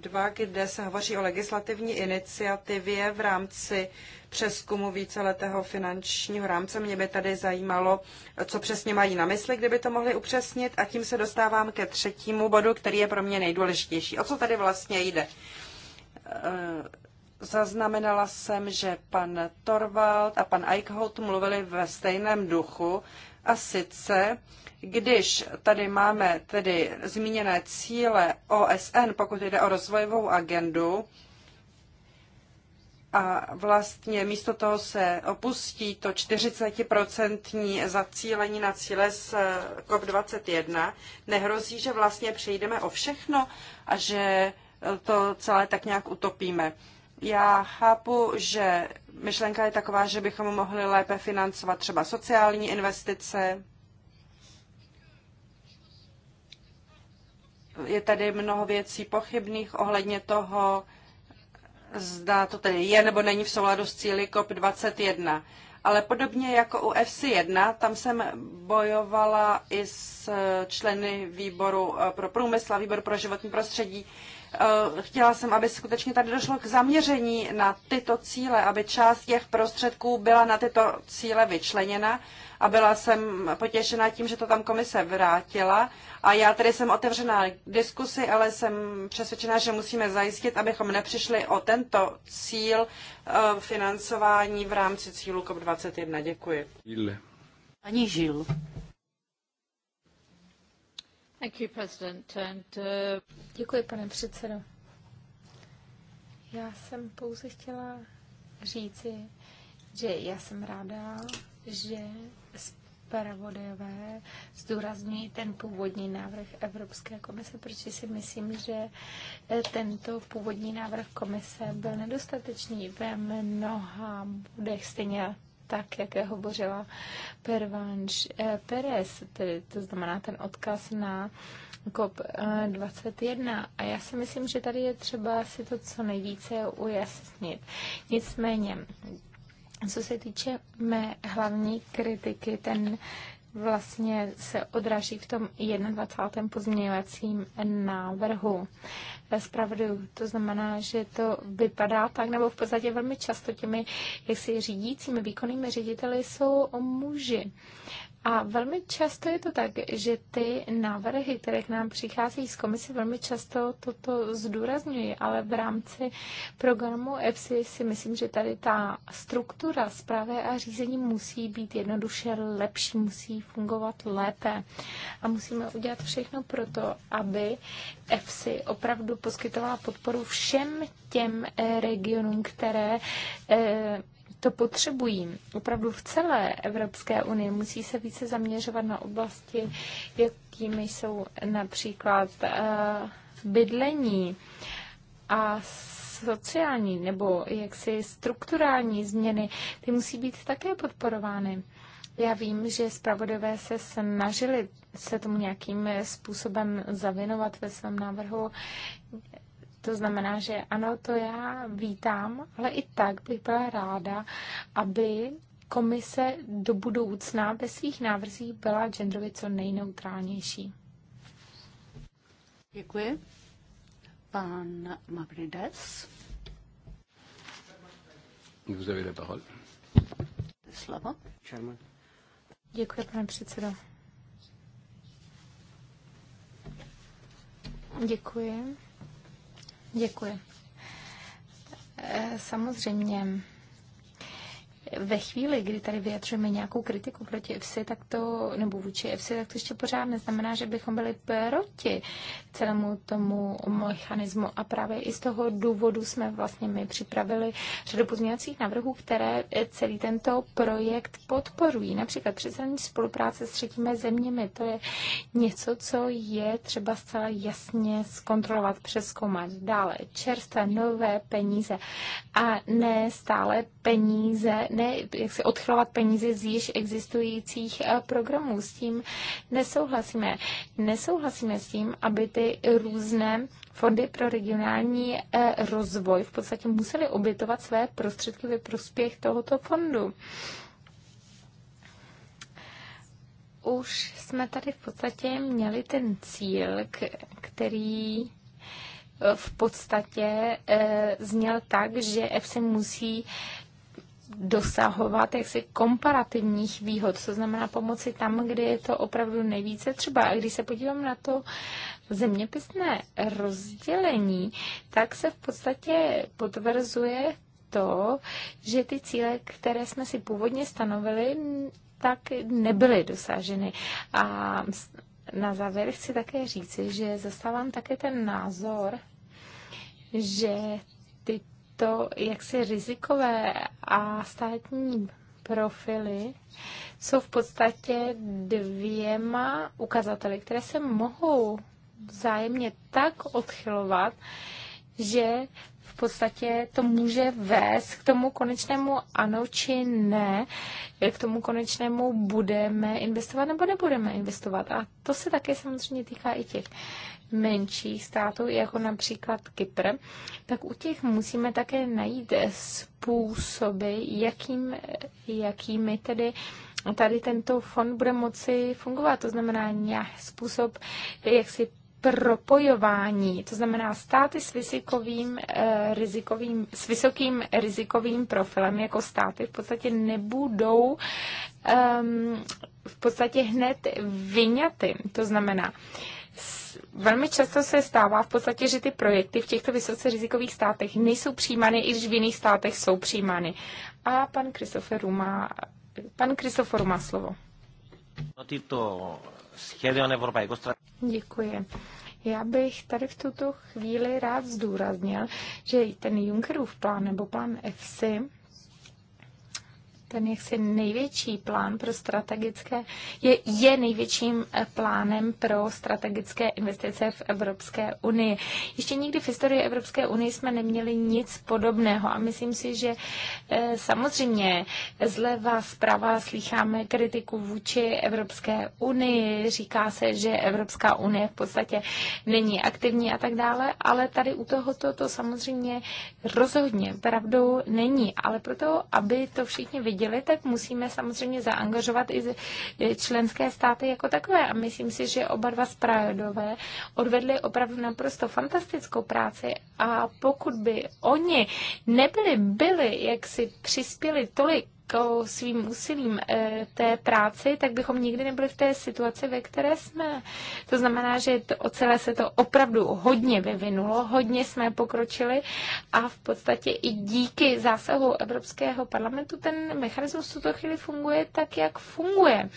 2, kde se hovoří o legislativní iniciativě v rámci přeskumu víceletého finančního rámce. Mě by tady zajímalo, co přesně mají na mysli, kdyby to mohli upřesnit. A tím se dostávám ke třetímu bodu, který je pro mě nejdůležitější. O co tady vlastně jde? Eh, zaznamenala jsem, že pan Torvald a pan Eichholt mluvili ve stejném duchu, a sice, když tady máme tedy zmíněné cíle OSN, pokud jde o rozvojovou agendu, a vlastně místo toho se opustí to 40% zacílení na cíle z eh, COP21, nehrozí, že vlastně přejdeme o všechno a že eh, to celé tak nějak utopíme. Já chápu, že myšlenka je taková, že bychom mohli lépe financovat třeba sociální investice. Je tady mnoho věcí pochybných ohledně toho, zda to tedy je nebo není v souladu s cíly COP21. Ale podobně jako u FC1, tam jsem bojovala i s členy výboru eh, pro průmysl a výboru pro životní prostředí, Eh, chtěla jsem, aby skutečně tady došlo k zaměření na tyto cíle, aby část těch prostředků byla na tyto cíle vyčleněna a byla jsem potěšena tím, že to tam komise vrátila. A já tady jsem otevřená diskusi, ale jsem přesvědčená, že musíme zajistit, abychom nepřišli o tento cíl eh, financování v rámci cílu COP21. Děkuji. Ani Žil. Uh, Děkuji, pane předsedo. Já jsem pouze chtěla říci, že já jsem ráda, že zpravodajové zdůrazňují ten původní návrh Evropské komise, protože si myslím, že tento původní návrh komise byl nedostatečný ve mnoha bodech, stejně tak, jak je hovořila Pervanš eh, Perez, tedy to znamená ten odkaz na COP21. A já si myslím, že tady je třeba si to co nejvíce ujasnit. Nicméně, co se týče mé hlavní kritiky, ten vlastně se odraží v tom 21. pozměňovacím návrhu zpravdu. To znamená, že to vypadá tak, nebo v podstatě velmi často těmi, jak si řídícími, výkonnými řediteli jsou muži. A velmi často je to tak, že ty návrhy, které k nám přichází z komise, velmi často toto zdůrazňují, ale v rámci programu EPSI si myslím, že tady ta struktura zprávy a řízení musí být jednoduše lepší, musí fungovat lépe. A musíme udělat všechno pro to, aby EPSI opravdu poskytovala podporu všem těm regionům, které eh, to potřebují. Opravdu v celé Evropské unii musí se více zaměřovat na oblasti, jakými jsou například eh, bydlení a sociální nebo jaksi strukturální změny, ty musí být také podporovány. Já vím, že zpravodové se snažili se tomu nějakým způsobem zavinovat ve svém návrhu. To znamená, že ano, to já vítám, ale i tak bych byla ráda, aby komise do budoucna ve svých návrzích byla genderově co nejneutrálnější. Děkuji. Pan Mavrides. Vous avez la parole. Slovo. Děkuji, pane předsedo. Děkuji. Děkuji. Eh, samozřejmě ve chvíli, kdy tady vyjadřujeme nějakou kritiku proti EFSI, tak to, nebo vůči EFSI, tak to ještě pořád neznamená, že bychom byli proti celému tomu mechanismu. A právě i z toho důvodu jsme vlastně my připravili řadu pozměňovacích návrhů, které celý tento projekt podporují. Například přeshraniční spolupráce s třetími zeměmi, to je něco, co je třeba zcela jasně zkontrolovat, přeskoumat. Dále čerstvé, nové peníze a ne stále peníze, ne jak si odchylovat peníze z již existujících eh, programů. S tím nesouhlasíme. Nesouhlasíme s tím, aby ty různé fondy pro regionální eh, rozvoj v podstatě museli obětovat své prostředky ve prospěch tohoto fondu. Už jsme tady v podstatě měli ten cíl, který eh, v podstatě e, zněl tak, že EFSI musí dosahovat jaksi komparativních výhod, co znamená pomoci tam, kde je to opravdu nejvíce třeba. A když se podívám na to zeměpisné rozdělení, tak se v podstatě potvrzuje to, že ty cíle, které jsme si původně stanovili, tak nebyly dosaženy. A na závěr chci také říci, že zastávám také ten názor, že ty jak jaksi rizikové a státní profily jsou v podstatě dvěma ukazateli, které se mohou vzájemně tak odchylovat, že v podstatě to může vést k tomu konečnému ano či ne, k tomu konečnému budeme investovat nebo nebudeme investovat. A to se také samozřejmě týká i těch menších států, jako například Kypr, tak u těch musíme také najít způsoby, jakým, jakými tedy tady tento fond bude moci fungovat. To znamená nějaký způsob, jak si propojování, to znamená státy s, vysikovým, eh, rizikovým, s vysokým rizikovým profilem jako státy v podstatě nebudou eh, v podstatě hned vyňaty. To znamená, eh, velmi často se stává v podstatě, že ty projekty v těchto vysoce rizikových státech nejsou přijímány, i když v jiných státech jsou přijímány. A pan Christopher má, pan Christopher má slovo. Děkuji. Já bych tady v tuto chvíli rád zdůraznil, že ten Junckerův plán nebo plán EFSI ten jaksi největší plán pro strategické, je, je největším eh, plánem pro strategické investice v Evropské unii. Ještě nikdy v historii Evropské unie jsme neměli nic podobného a myslím si, že eh, samozřejmě zleva zprava slycháme kritiku vůči Evropské unii, říká se, že Evropská unie v podstatě není aktivní a tak dále, ale tady u tohoto to samozřejmě rozhodně pravdou není, ale proto, aby to všichni viděli, řídili, tak musíme samozřejmě zaangažovat i členské státy jako takové. A myslím si, že oba dva zpravodové odvedli opravdu naprosto fantastickou práci a pokud by oni nebyli byli, jak si přispěli tolik velikou jako svým úsilím eh, té práci, tak bychom nikdy nebyli v té situaci, ve které jsme. To znamená, že to, o celé se to opravdu hodně vyvinulo, hodně jsme pokročili a v podstatě i díky zásahu Evropského parlamentu ten mechanismus v tuto chvíli funguje tak, jak funguje.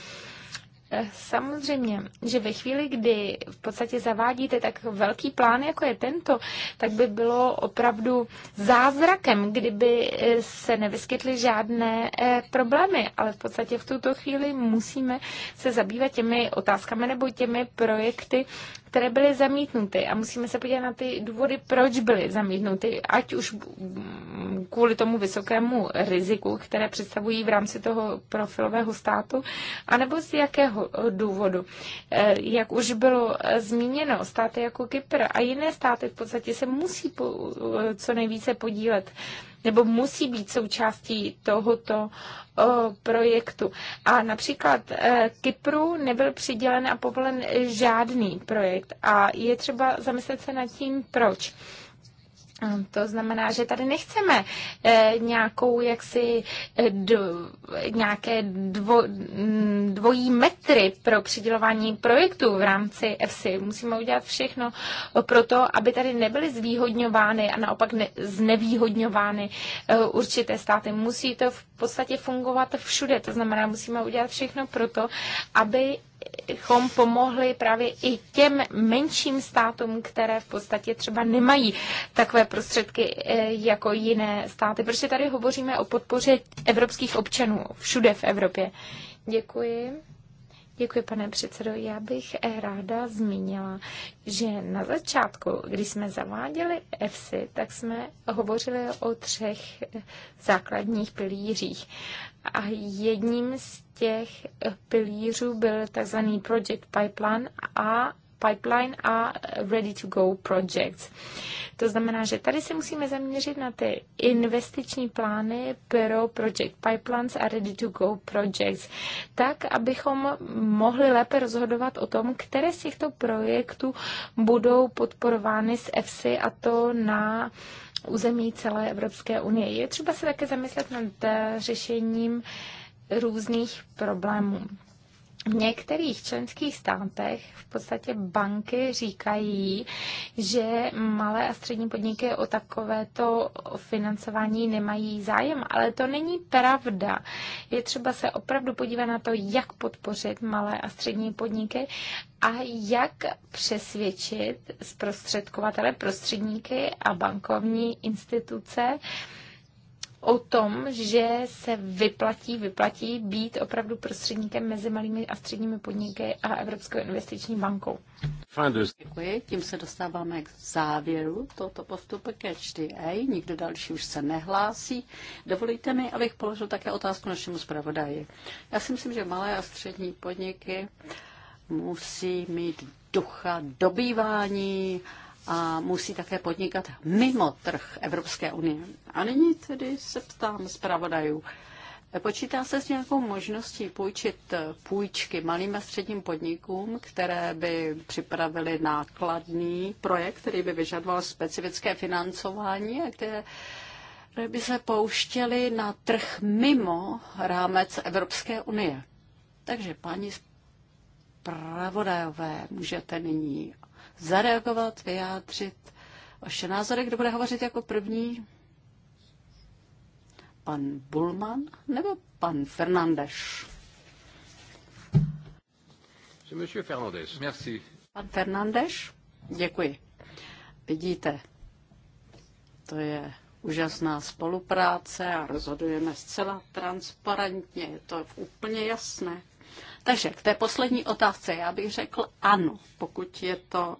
Eh, samozřejmě, že ve chvíli, kdy v podstatě zavádíte tak velký plán, jako je tento, tak by bylo opravdu zázrakem, kdyby eh, se nevyskytly žádné eh, problémy. Ale v podstatě v tuto chvíli musíme se zabývat těmi otázkami nebo těmi projekty, které byly zamítnuty a musíme se podívat na ty důvody, proč byly zamítnuty, ať už mm, kvůli tomu vysokému riziku, které představují v rámci toho profilového státu, anebo z jakého důvodu. Eh, jak už bylo eh, zmíněno, státy jako Kypr a jiné státy v podstatě se musí eh, co nejvíce podílet nebo musí být součástí tohoto projektu. A například Kypru nebyl přidělen a povolen žádný projekt a je třeba zamyslet se nad tím, proč. To znamená, že tady nechceme eh, nějakou jaksi eh, dv, nějaké dvo, mm, dvojí metry pro přidělování projektů v rámci EFSI. Musíme udělat všechno pro to, aby tady nebyly zvýhodňovány a naopak ne, znevýhodňovány eh, určité státy. Musí to v podstatě fungovat všude. To znamená, musíme udělat všechno pro to, aby abychom pomohli právě i těm menším státům, které v podstatě třeba nemají takové prostředky eh, jako jiné státy. Protože tady hovoříme o podpoře evropských občanů všude v Evropě. Děkuji. Děkuji, pane předsedo. Já bych eh, ráda zmínila, že na začátku, když jsme zaváděli EFSI, tak jsme hovořili o třech eh, základních pilířích a jedním z těch pilířů byl takzvaný Project Pipeline a Pipeline a Ready to Go Projects. To znamená, že tady se musíme zaměřit na ty investiční plány pro Project Pipelines a Ready to Go Projects, tak, abychom mohli lépe rozhodovat o tom, které z těchto projektů budou podporovány z EFSI a to na území celé Evropské unie. Je třeba se také zamyslet nad eh, řešením různých problémů v některých členských státech v podstatě banky říkají, že malé a střední podniky o takovéto financování nemají zájem, ale to není pravda. Je třeba se opravdu podívat na to, jak podpořit malé a střední podniky a jak přesvědčit zprostředkovatele, prostředníky a bankovní instituce, o tom, že se vyplatí, vyplatí být opravdu prostředníkem mezi malými a středními podniky a Evropskou investiční bankou. Děkuji, tím se dostáváme k závěru tohoto postupu ke 4A. Nikdo další už se nehlásí. Dovolíte mi, abych položil také otázku našemu zpravodaji. Já si myslím, že malé a střední podniky musí mít ducha dobývání a musí také podnikat mimo trh Evropské unie. A nyní tedy se ptám zpravodajů. Počítá se s nějakou možností půjčit půjčky malým a středním podnikům, které by připravili nákladný projekt, který by vyžadoval specifické financování a které by se pouštěly na trh mimo rámec Evropské unie. Takže paní zpravodajové, můžete nyní zareagovat, vyjádřit vaše názory. Kdo bude hovořit jako první? Pan Bulman nebo pan Fernandeš? Pan Fernandeš, děkuji. Vidíte, to je úžasná spolupráce a rozhodujeme zcela transparentně, je to úplně jasné. Takže k té poslední otázce já bych řekl ano, pokud je to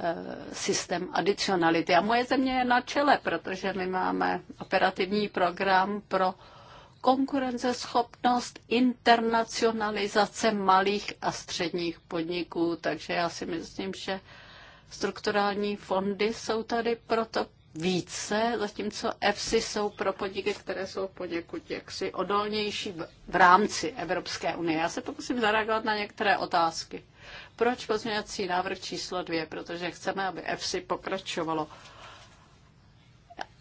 Eh, systém adicionality. A moje země je na čele, protože my máme operativní program pro konkurenceschopnost internacionalizace malých a středních podniků. Takže já si myslím, že strukturální fondy jsou tady proto více, zatímco EFSI jsou pro podniky, které jsou poněkud jaksi odolnější v rámci Evropské unie. Já se pokusím zareagovat na některé otázky. Proč pozměňovací návrh číslo dvě? Protože chceme, aby EFSI pokračovalo.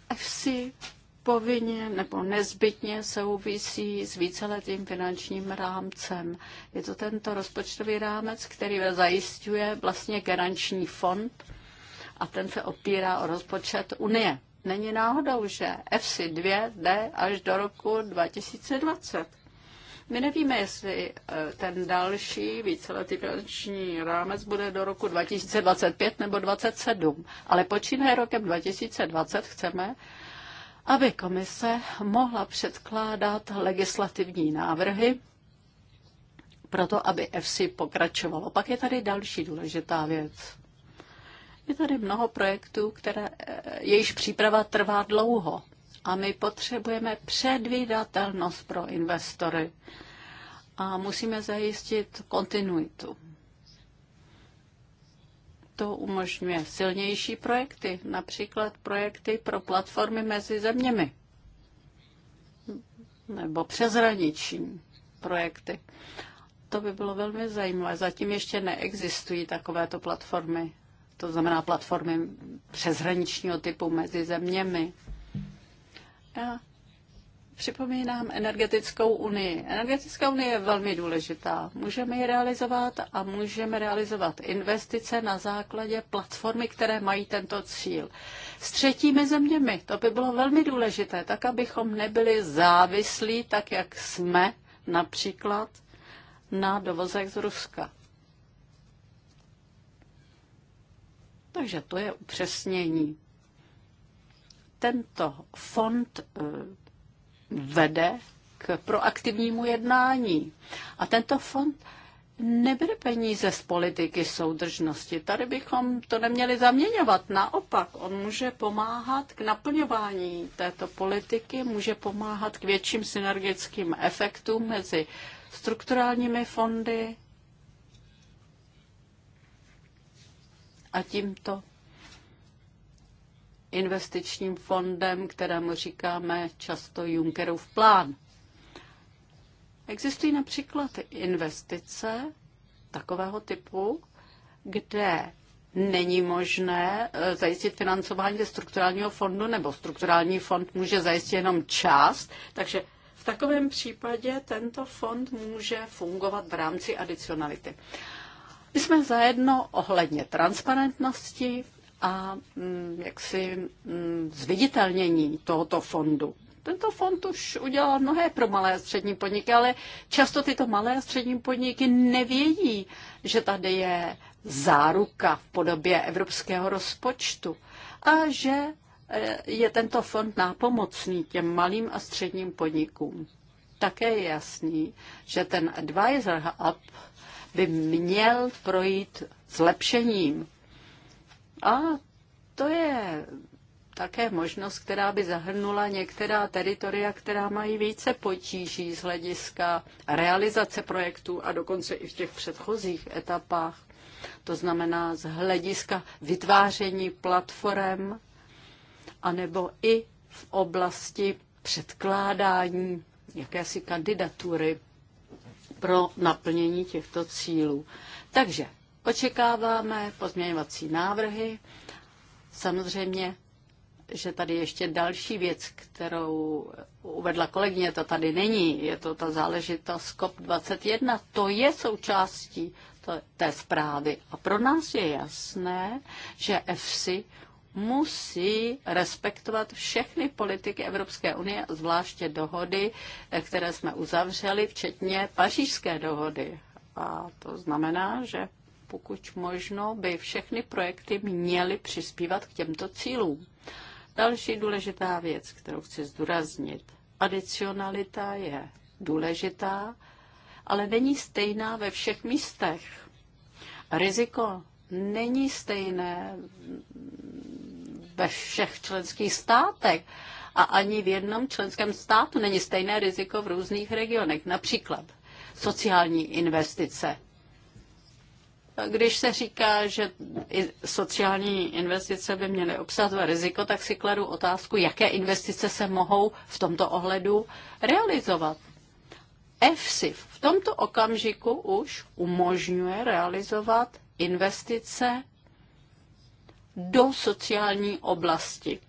EFSI povinně nebo nezbytně souvisí s víceletým finančním rámcem. Je to tento rozpočtový rámec, který zajišťuje vlastně garanční fond a ten se opírá o rozpočet Unie. Není náhodou, že FC2 jde až do roku 2020. My nevíme, jestli eh, ten další víceletý finanční rámec bude do roku 2025 nebo 2027, ale počínaje rokem 2020 chceme, aby komise mohla předkládat legislativní návrhy proto, aby EFSI pokračovalo. Pak je tady další důležitá věc. Je tady mnoho projektů, které, eh, jejichž příprava trvá dlouho. A my potřebujeme předvídatelnost pro investory a musíme zajistit kontinuitu. To umožňuje silnější projekty, například projekty pro platformy mezi zeměmi nebo přezraniční projekty. To by bylo velmi zajímavé. Zatím ještě neexistují takovéto platformy, to znamená platformy přeshraničního typu mezi zeměmi. Já připomínám energetickou unii. Energetická unie je velmi důležitá. Můžeme ji realizovat a můžeme realizovat investice na základě platformy, které mají tento cíl. S třetími zeměmi to by bylo velmi důležité, tak abychom nebyli závislí, tak jak jsme například na dovozech z Ruska. Takže to je upřesnění tento fond eh, vede k proaktivnímu jednání. A tento fond nebere peníze z politiky soudržnosti. Tady bychom to neměli zaměňovat. Naopak, on může pomáhat k naplňování této politiky, může pomáhat k větším synergickým efektům mezi strukturálními fondy a tímto investičním fondem, kterému říkáme často Junckerův plán. Existují například investice takového typu, kde není možné eh, zajistit financování ze strukturálního fondu, nebo strukturální fond může zajistit jenom část, takže v takovém případě tento fond může fungovat v rámci adicionality. My jsme zajedno ohledně transparentnosti, a mm, jaksi mm, zviditelnění tohoto fondu. Tento fond už udělal mnohé pro malé a střední podniky, ale často tyto malé a střední podniky nevědí, že tady je záruka v podobě evropského rozpočtu a že eh, je tento fond nápomocný těm malým a středním podnikům. Také je jasný, že ten advisor hub by měl projít zlepšením a to je také možnost, která by zahrnula některá teritoria, která mají více potíží z hlediska realizace projektů a dokonce i v těch předchozích etapách. To znamená z hlediska vytváření platform anebo i v oblasti předkládání jakési kandidatury pro naplnění těchto cílů. Takže Očekáváme pozměňovací návrhy. Samozřejmě, že tady ještě další věc, kterou uvedla kolegyně, to tady není, je to ta záležitost COP21, to je součástí té zprávy. A pro nás je jasné, že EFSI musí respektovat všechny politiky Evropské unie, zvláště dohody, které jsme uzavřeli, včetně pařížské dohody. A to znamená, že pokud možno by všechny projekty měly přispívat k těmto cílům. Další důležitá věc, kterou chci zdůraznit. Adicionalita je důležitá, ale není stejná ve všech místech. Riziko není stejné ve všech členských státech a ani v jednom členském státu není stejné riziko v různých regionech. Například sociální investice když se říká, že sociální investice by měly obsahovat riziko, tak si kladu otázku, jaké investice se mohou v tomto ohledu realizovat. EFSI v tomto okamžiku už umožňuje realizovat investice do sociální oblasti.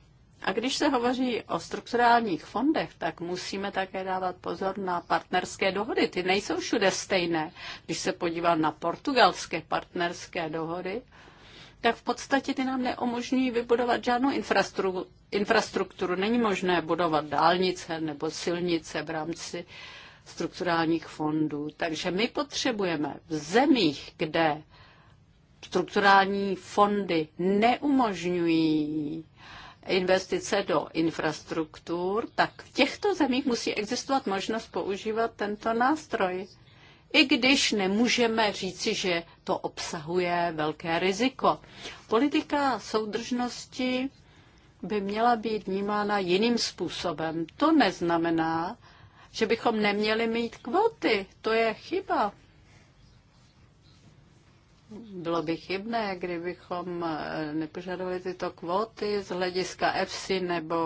A když se hovoří o strukturálních fondech, tak musíme také dávat pozor na partnerské dohody. Ty nejsou všude stejné. Když se podívám na portugalské partnerské dohody, tak v podstatě ty nám neumožňují vybudovat žádnou infrastrukturu. infrastrukturu. Není možné budovat dálnice nebo silnice v rámci strukturálních fondů. Takže my potřebujeme v zemích, kde strukturální fondy neumožňují investice do infrastruktur, tak v těchto zemích musí existovat možnost používat tento nástroj. I když nemůžeme říci, že to obsahuje velké riziko. Politika soudržnosti by měla být vnímána jiným způsobem. To neznamená, že bychom neměli mít kvóty. To je chyba. Bylo by chybné, kdybychom eh, nepožadovali tyto kvóty z hlediska EFSI nebo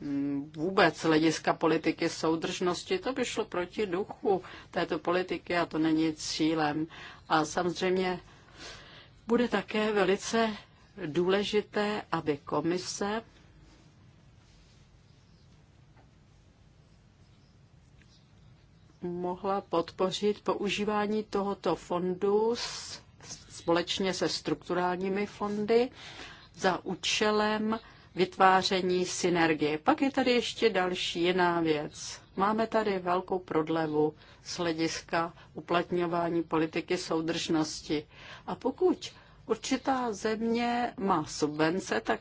mm, vůbec z hlediska politiky soudržnosti. To by šlo proti duchu této politiky a to není cílem. A samozřejmě bude také velice důležité, aby komise mohla podpořit používání tohoto fondu s společně se strukturálními fondy za účelem vytváření synergie. Pak je tady ještě další jiná věc. Máme tady velkou prodlevu z hlediska uplatňování politiky soudržnosti. A pokud určitá země má subvence, tak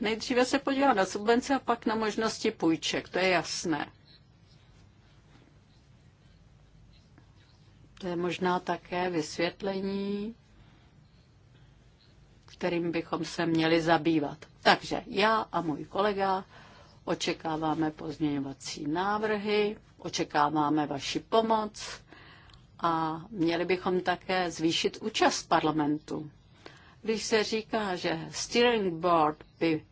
nejdříve se podívá na subvence a pak na možnosti půjček, to je jasné. To je možná také vysvětlení kterým bychom se měli zabývat. Takže já a můj kolega očekáváme pozměňovací návrhy, očekáváme vaši pomoc a měli bychom také zvýšit účast parlamentu. Když se říká, že steering board by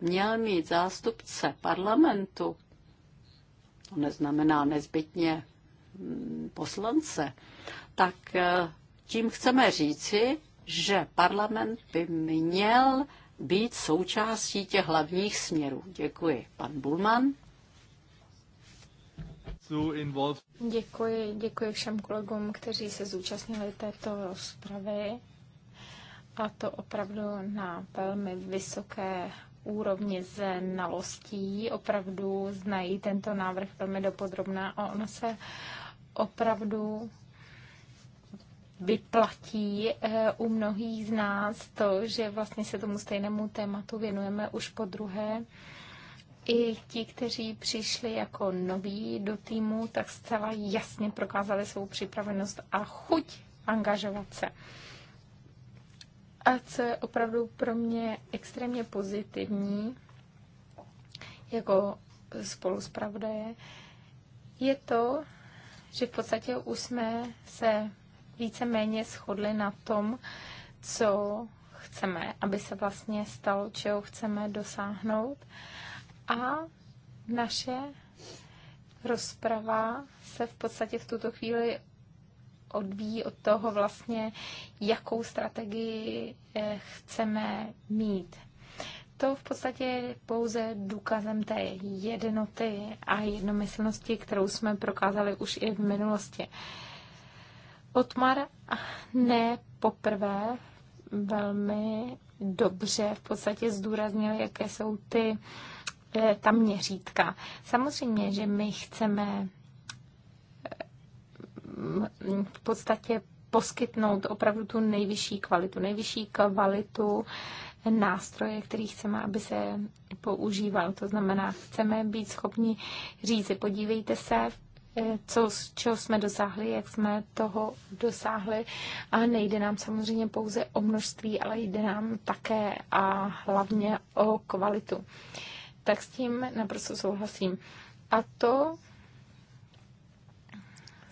měl mít zástupce parlamentu, to neznamená nezbytně mm, poslance, tak eh, tím chceme říci, že parlament by měl být součástí těch hlavních směrů. Děkuji. Pan Bulman. Děkuji, děkuji všem kolegům, kteří se zúčastnili této rozpravy. A to opravdu na velmi vysoké úrovni znalostí. Opravdu znají tento návrh velmi dopodrobná a ono se opravdu vyplatí eh, u mnohých z nás to, že vlastně se tomu stejnému tématu věnujeme už po druhé. I ti, kteří přišli jako noví do týmu, tak zcela jasně prokázali svou připravenost a chuť angažovat se. A co je opravdu pro mě extrémně pozitivní, jako spoluspravodaje, je to, že v podstatě už jsme se víceméně shodli na tom, co chceme, aby se vlastně stalo, čeho chceme dosáhnout. A naše rozprava se v podstatě v tuto chvíli odvíjí od toho vlastně, jakou strategii eh, chceme mít. To v podstatě pouze důkazem té jednoty a jednomyslnosti, kterou jsme prokázali už i v minulosti. Otmar ne poprvé velmi dobře v podstatě zdůraznil, jaké jsou ty eh, ta měřítka. Samozřejmě, že my chceme eh, v podstatě poskytnout opravdu tu nejvyšší kvalitu, nejvyšší kvalitu nástroje, který chceme, aby se používal. To znamená, chceme být schopni říct, podívejte se, v Eh, co, čeho jsme dosáhli, jak jsme toho dosáhli. A nejde nám samozřejmě pouze o množství, ale jde nám také a hlavně o kvalitu. Tak s tím naprosto souhlasím. A to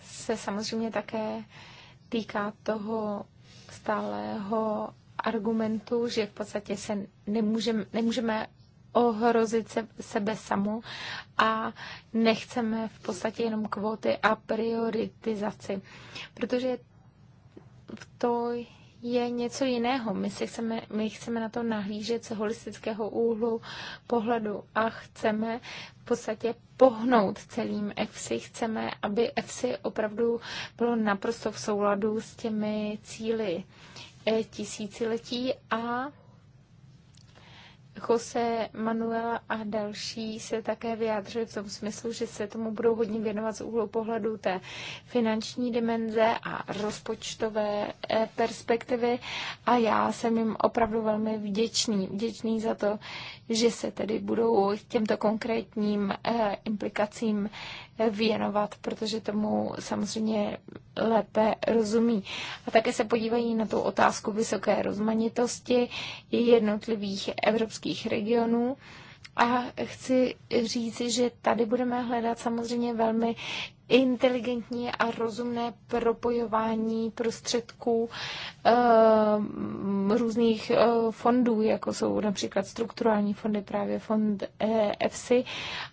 se samozřejmě také týká toho stálého argumentu, že v podstatě se nemůžeme, nemůžeme ohrozit se, sebe samu a nechceme v podstatě jenom kvóty a prioritizaci, protože to je něco jiného. My, si chceme, my chceme na to nahlížet z holistického úhlu pohledu a chceme v podstatě pohnout celým EFSI. Chceme, aby EFSI opravdu bylo naprosto v souladu s těmi cíly e, tisíciletí a Jose Manuela a další se také vyjádřili v tom smyslu, že se tomu budou hodně věnovat z úhlu pohledu té finanční dimenze a rozpočtové eh, perspektivy a já jsem jim opravdu velmi vděčný, vděčný za to, že se tedy budou těmto konkrétním eh, implikacím eh, věnovat, protože tomu samozřejmě lépe rozumí. A také se podívají na tu otázku vysoké rozmanitosti jednotlivých evropských jednotlivých regionů. A chci říci, že tady budeme hledat samozřejmě velmi inteligentní a rozumné propojování prostředků e, různých e, fondů, jako jsou například strukturální fondy, právě fond eh, FSI,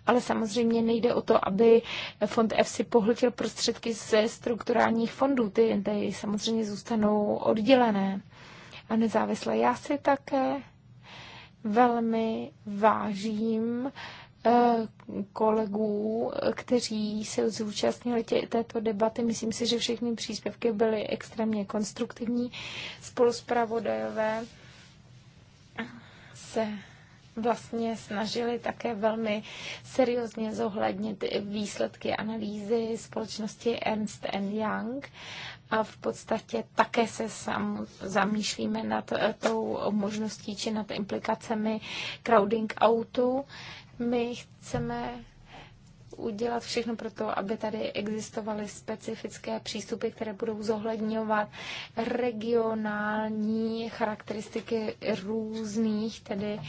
ale samozřejmě nejde o to, aby fond FSI pohltil prostředky ze strukturálních fondů, ty, ty samozřejmě zůstanou oddělené a nezávislé. Já si také velmi vážím eh, kolegů, kteří se zúčastnili tě, této debaty. Myslím si, že všechny příspěvky byly extrémně konstruktivní. Spoluspravodajové se vlastně snažili také velmi seriózně zohlednit výsledky analýzy společnosti Ernst Young a v podstatě také se sam zamýšlíme nad eh, tou možností či nad implikacemi crowding outu. My chceme udělat všechno pro to, aby tady existovaly specifické přístupy, které budou zohledňovat regionální charakteristiky různých tedy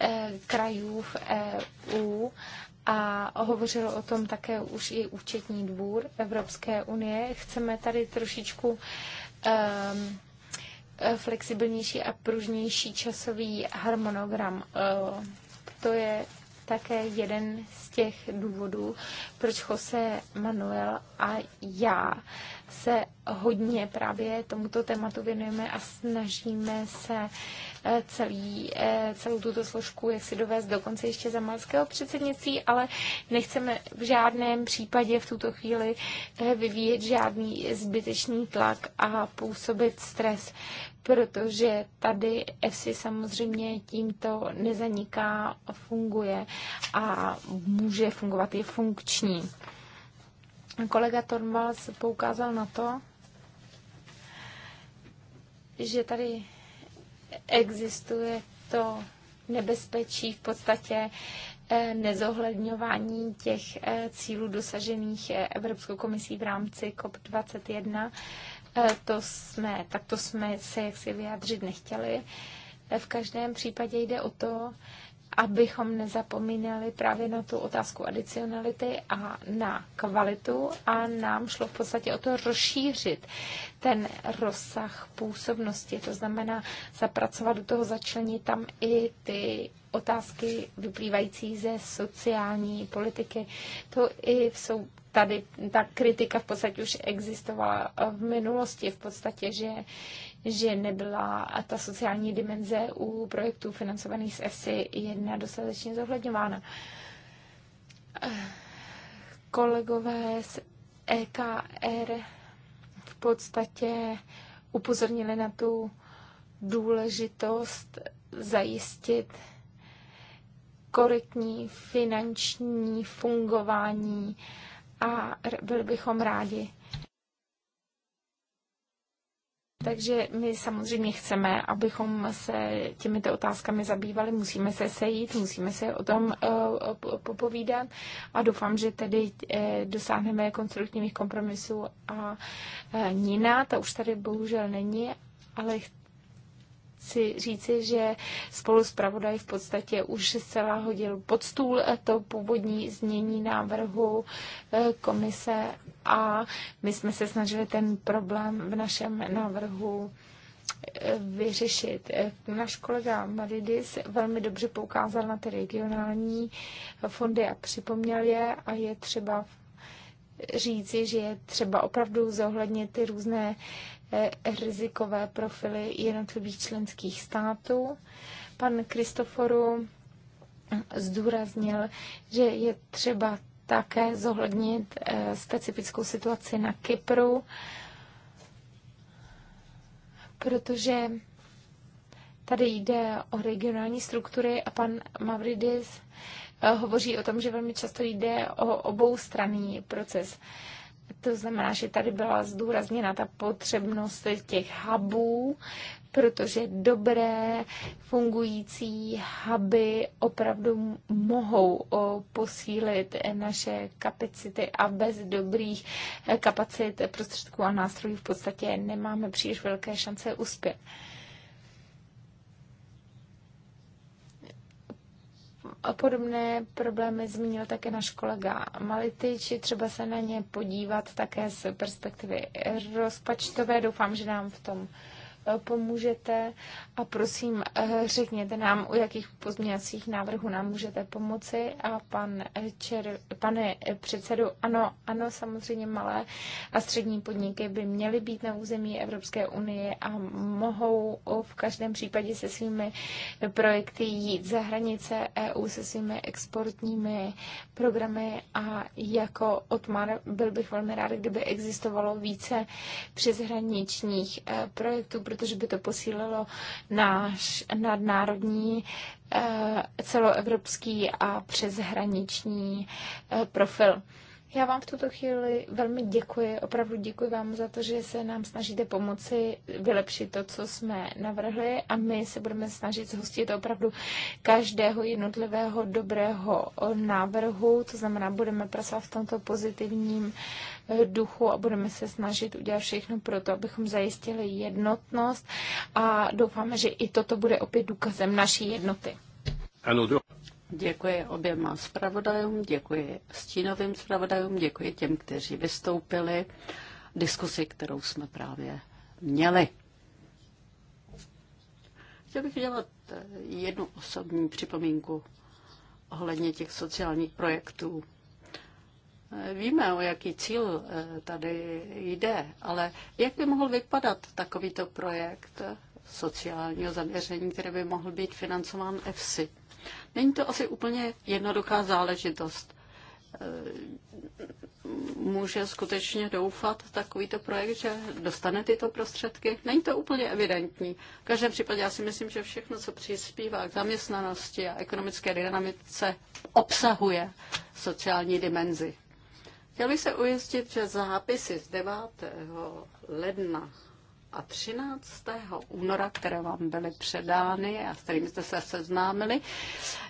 eh, krajů v EU a hovořil o tom také už i účetní dvůr Evropské unie. Chceme tady trošičku um, flexibilnější a pružnější časový harmonogram. Eh, to je také jeden z těch důvodů, proč Jose Manuel a já se hodně právě tomuto tématu věnujeme a snažíme se eh, celý, eh, celou tuto složku jak si dovést dokonce ještě za malského předsednictví, ale nechceme v žádném případě v tuto chvíli eh, vyvíjet žádný zbytečný tlak a působit stres protože tady EFSI samozřejmě tímto nezaniká, funguje a může fungovat, je funkční. Kolega Tornvals poukázal na to, že tady existuje to nebezpečí v podstatě eh, nezohledňování těch eh, cílů dosažených eh, Evropskou komisí v rámci COP21. To jsme, tak to jsme se jaksi vyjádřit nechtěli. V každém případě jde o to, abychom nezapomínali právě na tu otázku adicionality a na kvalitu a nám šlo v podstatě o to rozšířit ten rozsah působnosti, to znamená zapracovat do toho začlenit tam i ty otázky vyplývající ze sociální politiky. To i jsou tady ta kritika v podstatě už existovala v minulosti, v podstatě, že že nebyla ta sociální dimenze u projektů financovaných z EFSI jedna dostatečně zohledňována. Kolegové z EKR v podstatě upozornili na tu důležitost zajistit korektní finanční fungování a byli bychom rádi, takže my samozřejmě chceme, abychom se těmito otázkami zabývali, musíme se sejít, musíme se o tom eh, popovídat a doufám, že tedy eh, dosáhneme konstruktivních kompromisů. A eh, Nina, ta už tady bohužel není, ale chci říci, že spolu s pravodaj v podstatě už zcela hodil pod stůl to původní znění návrhu eh, komise a my jsme se snažili ten problém v našem návrhu eh, vyřešit. Eh, náš kolega Maridis velmi dobře poukázal na ty regionální fondy a připomněl je a je třeba v říci, že je třeba opravdu zohlednit ty různé eh, rizikové profily jednotlivých členských států. Pan Kristoforu zdůraznil, že je třeba také zohlednit eh, specifickou situaci na Kypru, protože tady jde o regionální struktury a pan Mavridis Eh, hovoří o tom, že velmi často jde o oboustranný proces. To znamená, že tady byla zdůrazněna ta potřebnost těch hubů, protože dobré fungující huby opravdu mohou eh, posílit naše kapacity a bez dobrých eh, kapacit prostředků a nástrojů v podstatě nemáme příliš velké šance uspět. A podobné problémy zmínil také náš kolega či Třeba se na ně podívat také z perspektivy rozpočtové. Doufám, že nám v tom Eh, pomůžete a prosím, eh, řekněte nám, u jakých pozměňovacích návrhů nám můžete pomoci. A pan eh, čer, pane předsedu, ano, ano, samozřejmě malé a střední podniky by měly být na území Evropské unie a mohou v každém případě se svými projekty jít za hranice EU se svými exportními programy a jako Otmar byl bych velmi rád, kdyby existovalo více přeshraničních projektů, protože by to posílilo náš nadnárodní eh, celoevropský a přeshraniční eh, profil. Já vám v tuto chvíli velmi děkuji, opravdu děkuji vám za to, že se nám snažíte pomoci vylepšit to, co jsme navrhli a my se budeme snažit zhostit opravdu každého jednotlivého dobrého návrhu, to znamená, budeme pracovat v tomto pozitivním eh, duchu a budeme se snažit udělat všechno pro to, abychom zajistili jednotnost a doufáme, že i toto bude opět důkazem naší jednoty. Ano, Děkuji oběma zpravodajům, děkuji stínovým zpravodajům, děkuji těm, kteří vystoupili diskusi, kterou jsme právě měli. Chtěl bych dělat eh, jednu osobní připomínku ohledně těch sociálních projektů. Eh, víme, o jaký cíl eh, tady jde, ale jak by mohl vypadat takovýto projekt sociálního zaměření, který by mohl být financován EFSI? Není to asi úplně jednoduchá záležitost. Eh, může skutečně doufat takovýto projekt, že dostane tyto prostředky? Není to úplně evidentní. V každém případě já si myslím, že všechno, co přispívá k zaměstnanosti a ekonomické dynamice, obsahuje sociální dimenzi. Chtěl bych se ujistit, že zápisy z 9. ledna a 13. února, které vám byly předány a s kterými jste se seznámili,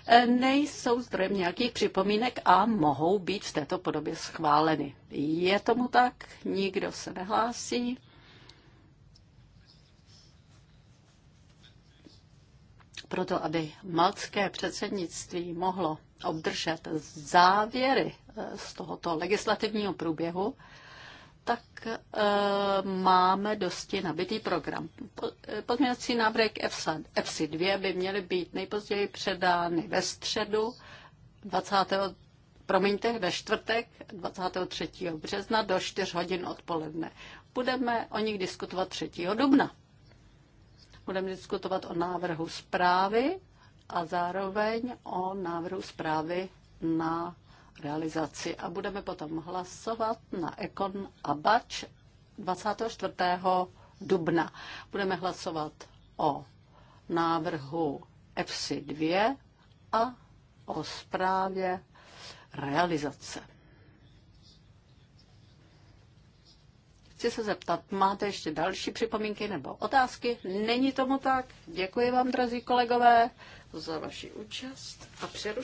eh, nejsou zdrojem nějakých připomínek a mohou být v této podobě schváleny. Je tomu tak? Nikdo se nehlásí? Proto, aby maltské předsednictví mohlo obdržet závěry eh, z tohoto legislativního průběhu, tak e, máme dosti nabitý program. Eh, pozměňovací návrh EFSA, EFSI 2 by měly být nejpozději předány ve středu 20. Promiňte, ve čtvrtek 23. března do 4 hodin odpoledne. Budeme o nich diskutovat 3. dubna. Budeme diskutovat o návrhu zprávy a zároveň o návrhu zprávy na realizaci a budeme potom hlasovat na Ekon a Bač 24. dubna. Budeme hlasovat o návrhu EFSI 2 a o zprávě realizace. Chci se zeptat, máte ještě další připomínky nebo otázky? Není tomu tak? Děkuji vám, drazí kolegové, za vaši účast a přerušení.